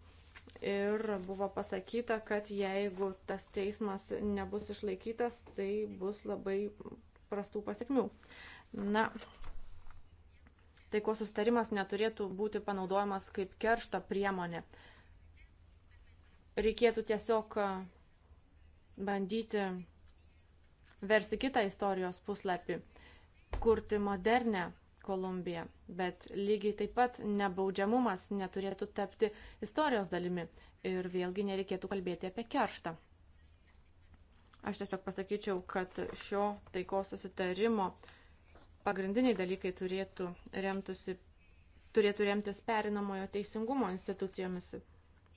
ir buvo pasakyta, kad jeigu tas teismas nebus išlaikytas, tai bus labai prastų pasiekmių. Na, taikos sustarimas neturėtų būti panaudojamas kaip keršto priemonė. Reikėtų tiesiog bandyti versti kitą istorijos puslapį, kurti modernę Kolumbiją, bet lygiai taip pat nebaudžiamumas neturėtų tapti istorijos dalimi ir vėlgi nereikėtų kalbėti apie kerštą. Aš tiesiog pasakyčiau, kad šio taikos susitarimo uh, pagrindiniai dalykai turėtų, remtusi, turėtų remtis perinamojo teisingumo institucijomis,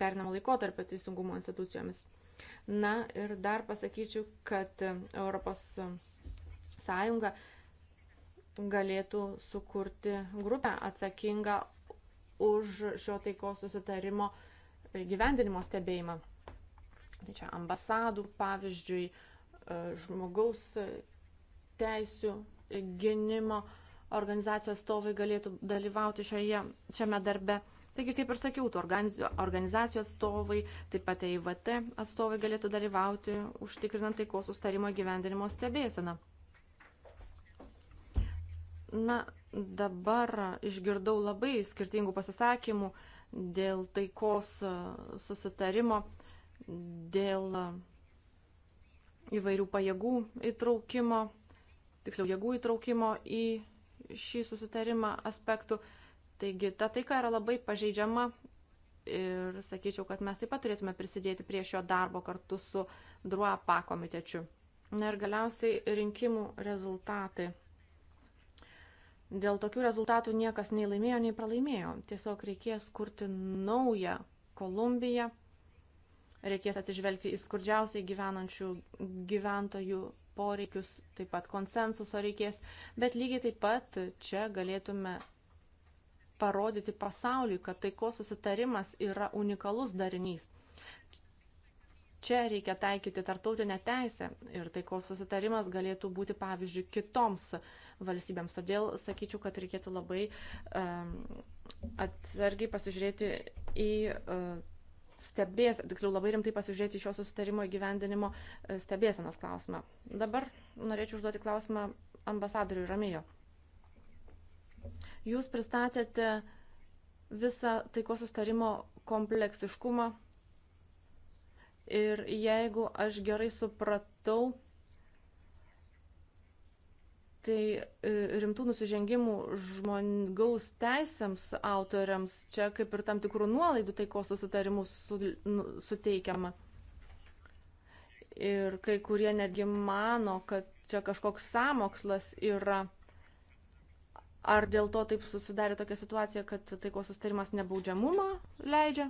perinamo laikotarpio teisingumo institucijomis. Na ir dar pasakyčiau, kad Europos Sąjunga galėtų sukurti grupę atsakingą už šio taikos susitarimo gyvendinimo stebėjimą. Tai čia ambasadų, pavyzdžiui, žmogaus teisų gynimo organizacijų atstovai galėtų dalyvauti šioje, šiame darbe. Taigi, kaip ir sakiau, tų organizacijų atstovai, taip pat EIVT atstovai galėtų dalyvauti, užtikrinant taikos sustarimo gyvendinimo stebėseną. Na, dabar išgirdau labai skirtingų pasisakymų dėl taikos susitarimo, dėl įvairių pajėgų įtraukimo tiksliau jėgų įtraukimo į šį susitarimą aspektų. Taigi ta taika yra labai pažeidžiama ir sakyčiau, kad mes taip pat turėtume prisidėti prie šio darbo kartu su DRUAPA komitečiu. Na ir galiausiai rinkimų rezultatai. Dėl tokių rezultatų niekas nei laimėjo, nei pralaimėjo. Tiesiog reikės kurti naują Kolumbiją, reikės atsižvelgti į skurdžiausiai gyvenančių gyventojų poreikius, taip pat konsensuso reikės, bet lygiai taip pat čia galėtume parodyti pasauliui, kad taikos susitarimas yra unikalus darinys. Čia reikia taikyti tartautinę teisę ir taikos susitarimas galėtų būti pavyzdžiui kitoms valstybėms. Todėl sakyčiau, kad reikėtų labai um, atsargiai pasižiūrėti į uh, stebės, tiksliau labai rimtai pasižiūrėti šio susitarimo įgyvendinimo e, stebėsenos klausimą. Dabar norėčiau užduoti klausimą ambasadoriui Ramijo. Jūs pristatėte visą taikos sustarimo kompleksiškumą ir jeigu aš gerai supratau, Tai e, rimtų nusižengimų žmogaus teisėms autoriams čia kaip ir tam tikrų nuolaidų taikos susitarimų su, nu, suteikiama. Ir kai kurie netgi mano, kad čia kažkoks samokslas yra. Ar dėl to taip susidarė tokia situacija, kad taikos sustarimas nebaudžiamumą leidžia?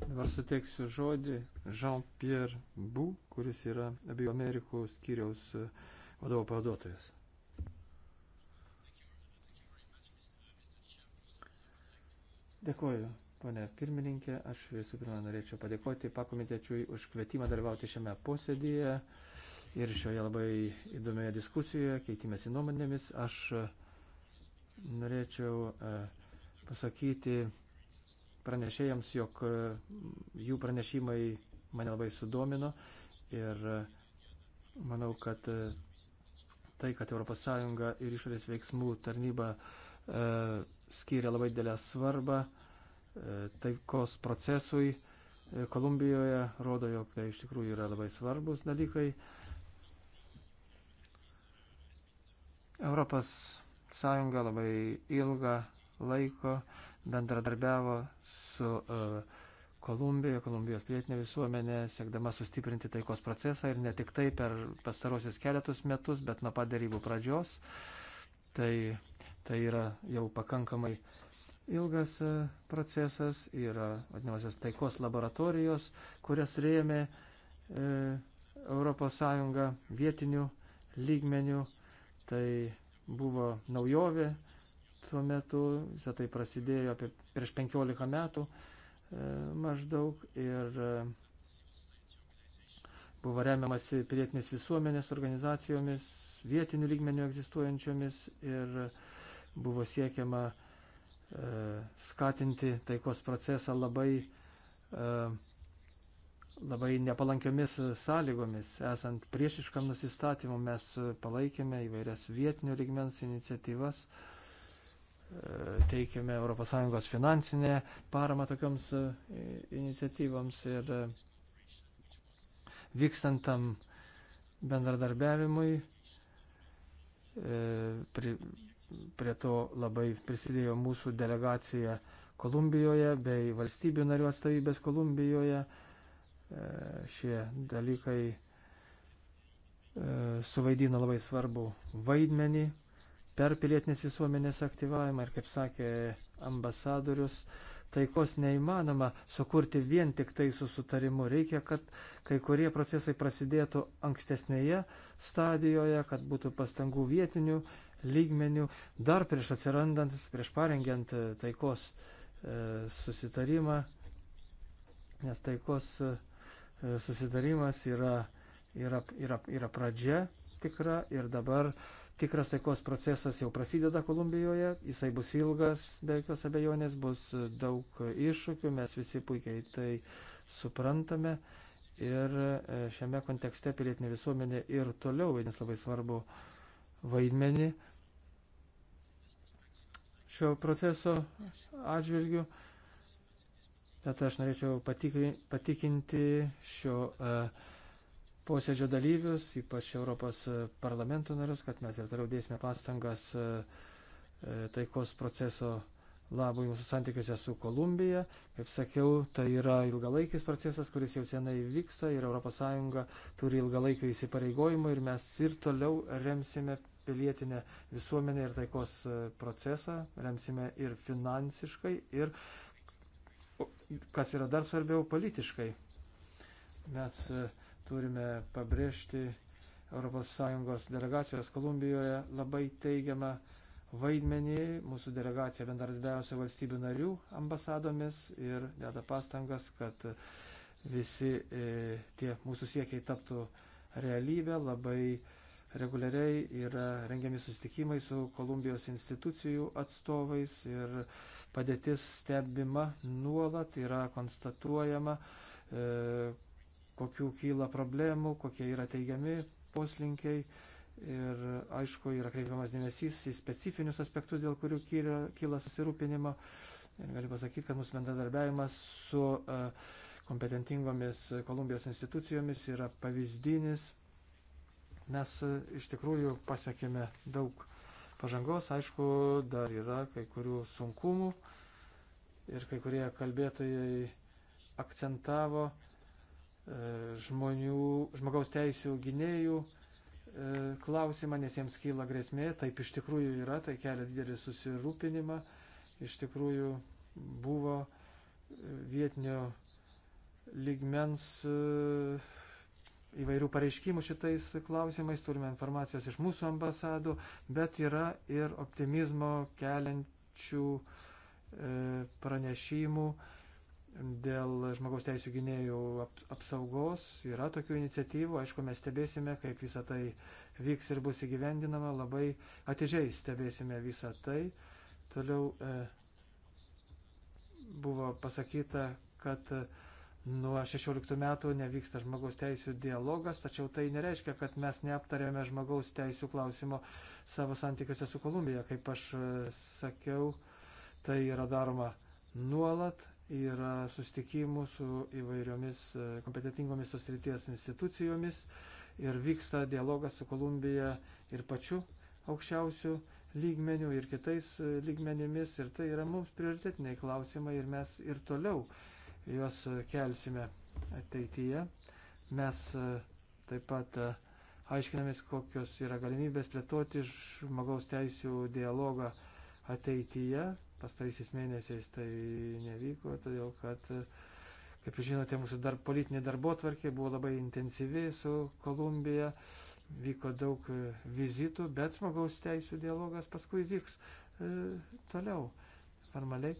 Dabar suteiksiu žodį Jean-Pierre Bu, kuris yra abiejų Amerikų skyriaus uh, vadovo pavaduotojas. Dėkuoju, ponė pirmininkė. Aš visų pirma norėčiau padėkoti pakomitečiui už kvietimą dalyvauti šiame posėdėje ir šioje labai įdomioje diskusijoje, keitimėsi nuomonėmis. Aš e, norėčiau e, pasakyti pranešėjams, jog jų pranešimai mane labai sudomino ir uh, Manau, kad e, tai, kad ES ir išorės veiksmų tarnyba e, skiria labai didelę svarbą e, taikos procesui e, Kolumbijoje, rodo, jog tai iš tikrųjų yra labai svarbus dalykai. Europos Sąjunga labai ilgą laiko bendradarbiavo su uh, e, Kolumbijoje, Kolumbijos pilietinė visuomenė, siekdama sustiprinti taikos procesą ir ne tik tai per pastarosius keletus metus, bet nuo pat darybų pradžios. Tai, tai yra jau pakankamai ilgas e, procesas, yra vadinamosios taikos laboratorijos, kurias rėmė e, ES vietinių lygmenių. Tai buvo naujovė tuo metu, visą tai prasidėjo apie prieš 15 metų. E, maždaug ir e, buvo remiamasi pilietinės visuomenės organizacijomis, vietinių lygmenių egzistuojančiomis ir buvo siekiama e, skatinti taikos procesą labai, e, labai nepalankiomis sąlygomis. Esant priešiškam nusistatymu mes palaikėme įvairias vietinių lygmens iniciatyvas, teikiame ES finansinę paramą tokioms e, iniciatyvams ir e, vykstant tam bendradarbiavimui e, pri, prie to labai prisidėjo mūsų delegacija Kolumbijoje bei valstybių narių atstovybės Kolumbijoje. Šie dalykai suvaidino labai svarbu vaidmenį per pilietinės visuomenės aktyvavimą ir, kaip sakė ambasadorius, taikos neįmanoma sukurti vien tik tai su sutarimu. Reikia, kad kai kurie procesai prasidėtų ankstesnėje stadijoje, kad būtų pastangų vietinių lygmenių, dar prieš atsirandant, prieš parengiant e, taikos e, susitarimą, nes taikos e, susitarimas yra, yra, yra, yra pradžia tikra ir dabar tikras taikos procesas jau prasideda Kolumbijoje, jisai bus ilgas, be jokios abejonės, bus daug iššūkių, mes visi puikiai tai suprantame ir e, šiame kontekste pilietinė visuomenė ir toliau vaidins labai svarbu vaidmenį šio proceso atžvilgiu. Bet aš norėčiau patikinti šio uh, posėdžio dalyvius, ypač Europos parlamento narius, kad mes ir toliau dėsime pastangas e, e, taikos proceso labui mūsų santykiuose su Kolumbija. Kaip sakiau, tai yra ilgalaikis procesas, kuris jau senai vyksta ir ES turi ilgalaikio įsipareigojimo ir mes ir toliau remsime pilietinę visuomenę ir taikos e, procesą, remsime ir finansiškai, ir, kas yra dar svarbiau, politiškai. Mes uh, Turime pabrėžti ES delegacijos Kolumbijoje labai teigiamą vaidmenį. Mūsų delegacija bendradarbiausia valstybių narių ambasadomis ir deda pastangas, kad visi e, tie mūsų siekiai taptų realybę. Labai reguliariai yra rengiami susitikimai su Kolumbijos institucijų atstovais ir padėtis stebima nuolat, yra konstatuojama. E, kokių kyla problemų, kokie yra teigiami poslinkiai. Ir aišku, yra kreipiamas dėmesys į specifinius aspektus, dėl kurių kyla, kyla susirūpinimo. Ir galiu pasakyti, kad mūsų bendradarbiavimas su e, kompetentingomis Kolumbijos institucijomis yra pavyzdinis. Mes e, iš tikrųjų pasiekėme daug pažangos, aišku, dar yra kai kurių sunkumų ir kai kurie kalbėtojai akcentavo E, žmonių, žmogaus teisų gynėjų e, klausimą, nes jiems kyla grėsmė. Taip iš tikrųjų yra, tai kelia didelį susirūpinimą. Iš tikrųjų buvo e, vietinio lygmens įvairių pareiškimų šitais klausimais, turime informacijos iš mūsų ambasadų, bet yra ir optimizmo keliančių pranešimų dėl žmogaus teisų gynėjų apsaugos. Yra tokių iniciatyvų, aišku, mes stebėsime, kaip visa tai vyks ir bus įgyvendinama, labai atidžiai stebėsime visą tai. Toliau e, buvo pasakyta, kad e, nuo 16 metų nevyksta žmogaus teisų dialogas, tačiau tai nereiškia, kad mes neaptarėme žmogaus teisų klausimo savo santykiuose su Kolumbija. Kaip aš e, sakiau, tai yra daroma nuolat yra sustikimų su įvairiomis e, kompetitingomis tos ryties institucijomis ir vyksta dialogas su Kolumbija ir pačiu aukščiausiu lygmeniu ir kitais e, lygmenimis ir tai yra mums prioritetiniai klausimai ir mes ir toliau juos kelsime ateityje. Mes e, taip pat aiškinamės, kokios yra galimybės plėtoti žmogaus teisų dialogą ateityje, pastarysiais mėnesiais tai nevyko, todėl kad, kaip jūs žinote, mūsų dar, politinė darbo tvarkė buvo labai intensyvi su Kolumbija, vyko daug e, vizitų, bet žmogaus teisų dialogas paskui vyks e, toliau. Formaliai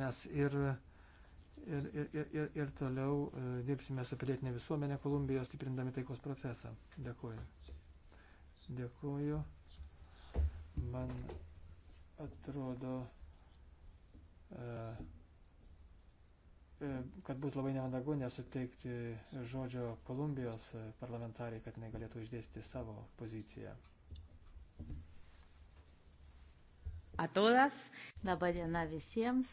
mes ir, ir, ir, ir, ir, ir toliau e, dirbsime su pilietinė visuomenė Kolumbijos, stiprindami taikos procesą. Dėkuoju. Dėkuoju. Man atrodo, e, e, kad būtų labai nemandagu nesuteikti žodžio Kolumbijos parlamentariai, kad negalėtų išdėsti savo poziciją. Atodas, laba diena visiems.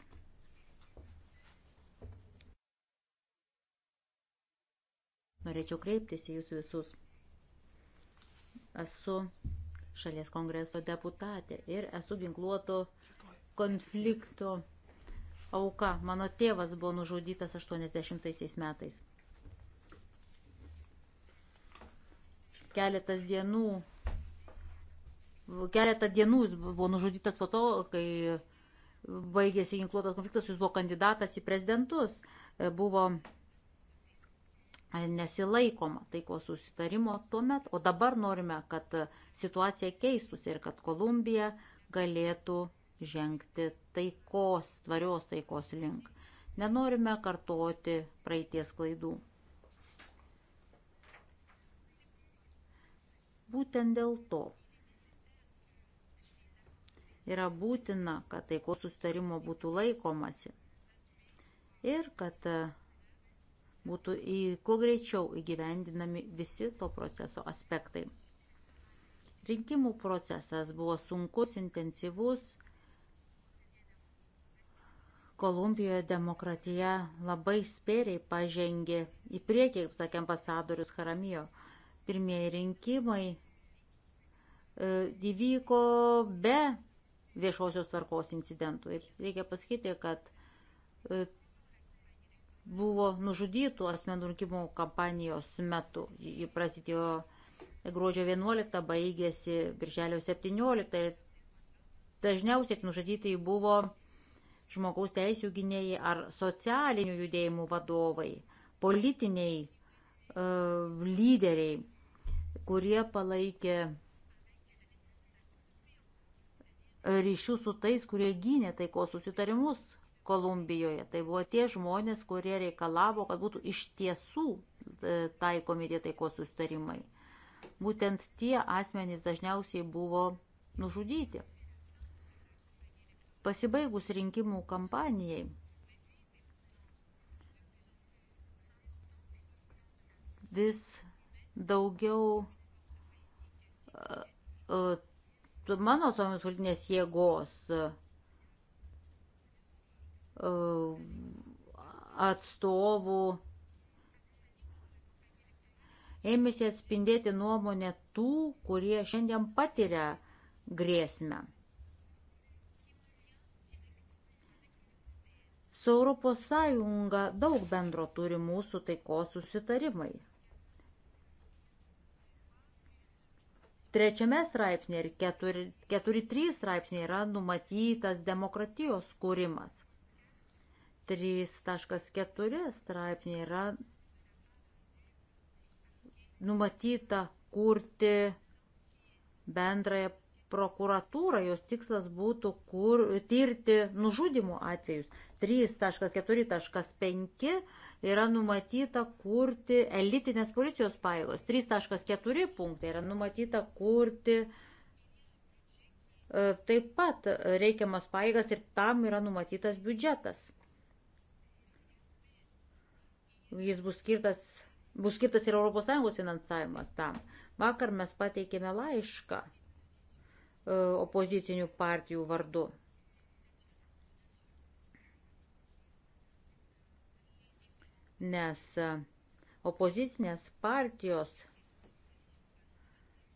Norėčiau kreiptis į jūs visus. Esu šalies kongreso deputatė ir esu ginkluoto konflikto auka. Mano tėvas buvo nužudytas 80 metais. Keletas dienų, keletą dienų jis buvo nužudytas po to, kai baigėsi ginkluotas konfliktas, jis buvo kandidatas į prezidentus. Buvo nesilaikoma taiko susitarimo tuomet, o dabar norime, kad situacija keistųsi ir kad Kolumbija galėtų žengti taikos, tvarios taikos link. Nenorime kartoti praeities klaidų. Būtent dėl to yra būtina, kad taikos sustarimo būtų laikomasi ir kad būtų į kuo greičiau įgyvendinami visi to proceso aspektai. Rinkimų procesas buvo sunkus, intensyvus. Kolumbijoje demokratija labai spėriai pažengė į priekį, kaip sakė ambasadorius Haramijo. Pirmieji rinkimai e, įvyko be viešosios tvarkos incidentų. Ir reikia pasakyti, kad e, buvo nužudytų asmenų rinkimų kampanijos metu. Ji prasidėjo gruodžio 11, baigėsi birželio 17 ir dažniausiai nužudytai buvo žmogaus teisų gynėjai ar socialinių judėjimų vadovai, politiniai e, lyderiai, kurie palaikė ryšių su tais, kurie gynė taikos susitarimus Kolumbijoje. Tai buvo tie žmonės, kurie reikalavo, kad būtų iš tiesų e, taikomi tie taikos sustarimai. Būtent tie asmenys dažniausiai buvo nužudyti. Pasibaigus rinkimų kampanijai, vis daugiau e, e, mano suomios politinės jėgos uh, E, atstovų ėmėsi atspindėti nuomonę tų, kurie šiandien patiria grėsmę. Su Europos Sąjunga daug bendro turi mūsų taikos susitarimai. Trečiame straipsnėje ir 4.3 straipsnėje yra numatytas demokratijos kūrimas. 3.4 straipsnė yra numatyta kurti bendrąją prokuratūrą, jos tikslas būtų kur, tirti nužudimų atvejus. 3.4.5 yra numatyta kurti elitinės policijos paėgos. 3.4 punktai yra numatyta kurti e, taip pat reikiamas paėgas ir tam yra numatytas biudžetas. Jis bus skirtas, bus skirtas ir ES finansavimas tam. Vakar mes pateikėme laišką e, opozicinių partijų vardu. Nes e, opozicinės partijos,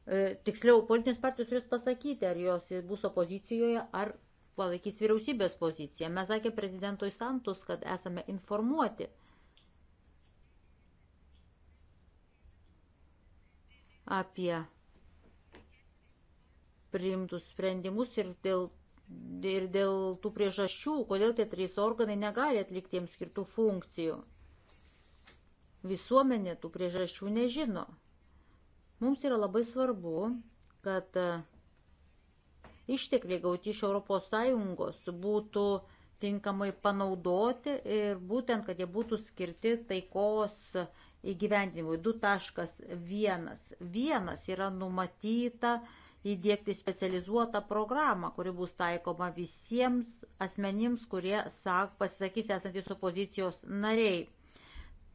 e, tiksliau, politinės partijos turės pasakyti, ar jos bus opozicijoje, ar palaikys vyriausybės poziciją. Mes sakė prezidentui Santus, kad esame informuoti – apie priimtus sprendimus ir dėl, ir dėl tų priežasčių, kodėl tie trys organai negali atlikti jiems skirtų funkcijų. Visuomenė tų priežasčių nežino. Mums yra labai svarbu, kad e, ištekliai gauti iš ES būtų tinkamai panaudoti ir būtent, kad jie būtų skirti taikos įgyvendinimui. 2.1.1 yra numatyta įdėkti specializuotą programą, kuri bus taikoma visiems asmenims, kurie sak, pasisakys esantys opozicijos nariai.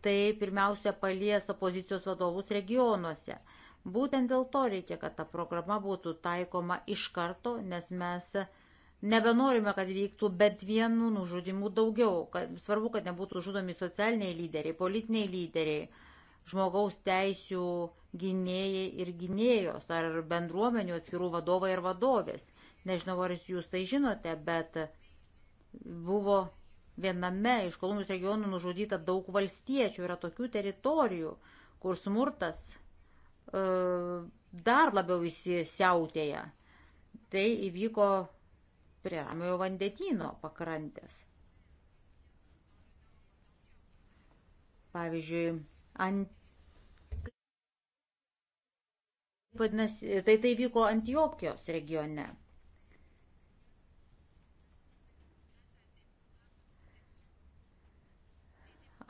Tai pirmiausia palies opozicijos vadovus regionuose. Būtent dėl to reikia, kad ta programa būtų taikoma iš karto, nes mes Nebenorime, kad vyktų bet vienų nužudimų daugiau. Kad, svarbu, kad nebūtų žudomi socialiniai lyderiai, politiniai lyderiai, žmogaus teisių gynėjai ir gynėjos, ar bendruomenių atskirų vadovai ir vadovės. Nežinau, ar jūs tai žinote, bet buvo viename iš Kolumbijos regionų nužudyta daug valstiečių. Yra tokių teritorijų, kur smurtas e, dar labiau įsisiautėja. Tai įvyko ramiojo vandenyno pakrantės. Pavyzdžiui, ant... Vadinasi, tai tai vyko Antijokijos regione.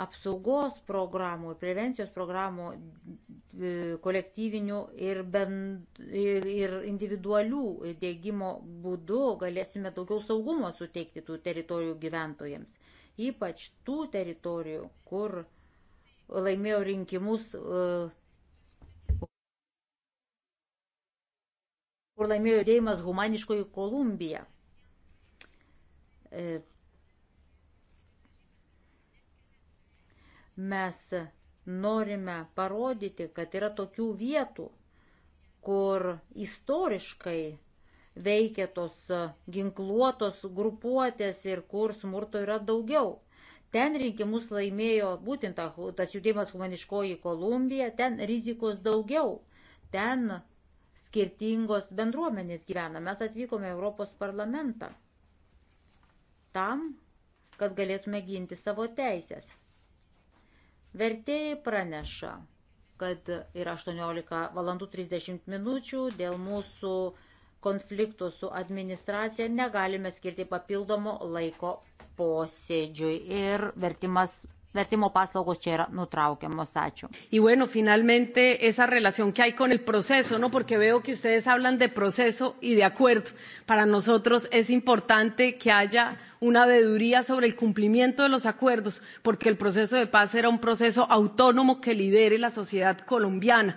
apsaugos programų ir prevencijos programų e, kolektyvinių ir, bend, ir, ir individualių dėgymo būdų galėsime daugiau saugumo suteikti tų teritorijų gyventojams. Ypač tų teritorijų, kur laimėjo rinkimus, e, kur laimėjo judėjimas humaniškoji Kolumbija e, Mes norime parodyti, kad yra tokių vietų, kur istoriškai veikia tos ginkluotos grupuotės ir kur smurto yra daugiau. Ten rinkimus laimėjo būtent tas judėjimas humaniškoji Kolumbija, ten rizikos daugiau, ten skirtingos bendruomenės gyvena. Mes atvykome Europos parlamentą tam, kad galėtume ginti savo teisės. Vertėjai praneša, kad yra 18 valandų 30 minučių dėl mūsų konfliktų su administracija negalime skirti papildomo laiko posėdžiui ir vertimas vertimo paslaugos čia yra nutraukiamos. Ačiū. Y bueno, finalmente esa relación que hay con el proceso, ¿no? Porque veo que ustedes hablan de proceso y de acuerdo. Para nosotros es importante que haya una veeduría sobre el cumplimiento de los acuerdos, porque el proceso de paz era un proceso autónomo que lidere la sociedad colombiana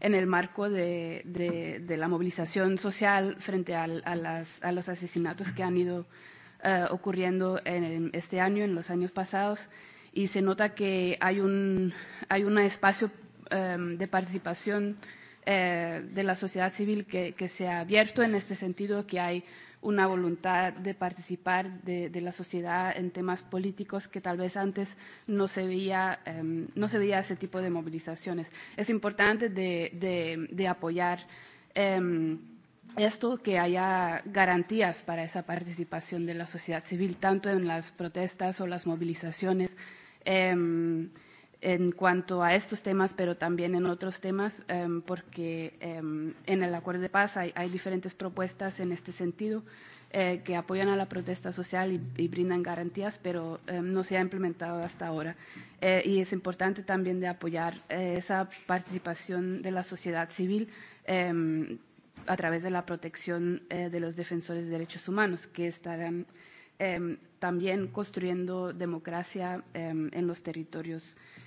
en el marco de, de, de la movilización social frente al, a, las, a los asesinatos que han ido eh, ocurriendo en, en este año, en los años pasados, y se nota que hay un, hay un espacio eh, de participación eh, de la sociedad civil que, que se ha abierto en este sentido, que hay una voluntad de participar de, de la sociedad en temas políticos que tal vez antes no se veía, eh, no se veía ese tipo de movilizaciones. Es importante de, de, de apoyar eh, esto, que haya garantías para esa participación de la sociedad civil, tanto en las protestas o las movilizaciones. Eh, en cuanto a estos temas, pero también en otros temas, eh, porque eh, en el acuerdo de paz hay, hay diferentes propuestas en este sentido eh, que apoyan a la protesta social y, y brindan garantías, pero eh, no se ha implementado hasta ahora. Eh, y es importante también de apoyar eh, esa participación de la sociedad civil eh, a través de la protección eh, de los defensores de derechos humanos, que estarán eh, también construyendo democracia eh, en los territorios. Eh,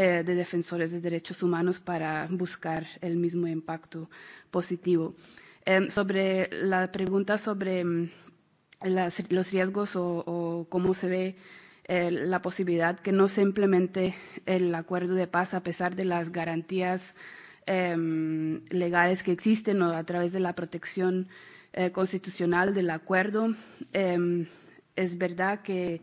eh, de defensores de derechos humanos para buscar el mismo impacto positivo. Eh, sobre la pregunta sobre mm, las, los riesgos o, o cómo se ve eh, la posibilidad que no se implemente el acuerdo de paz a pesar de las garantías eh, legales que existen o a través de la protección eh, constitucional del acuerdo. Eh, es verdad que eh,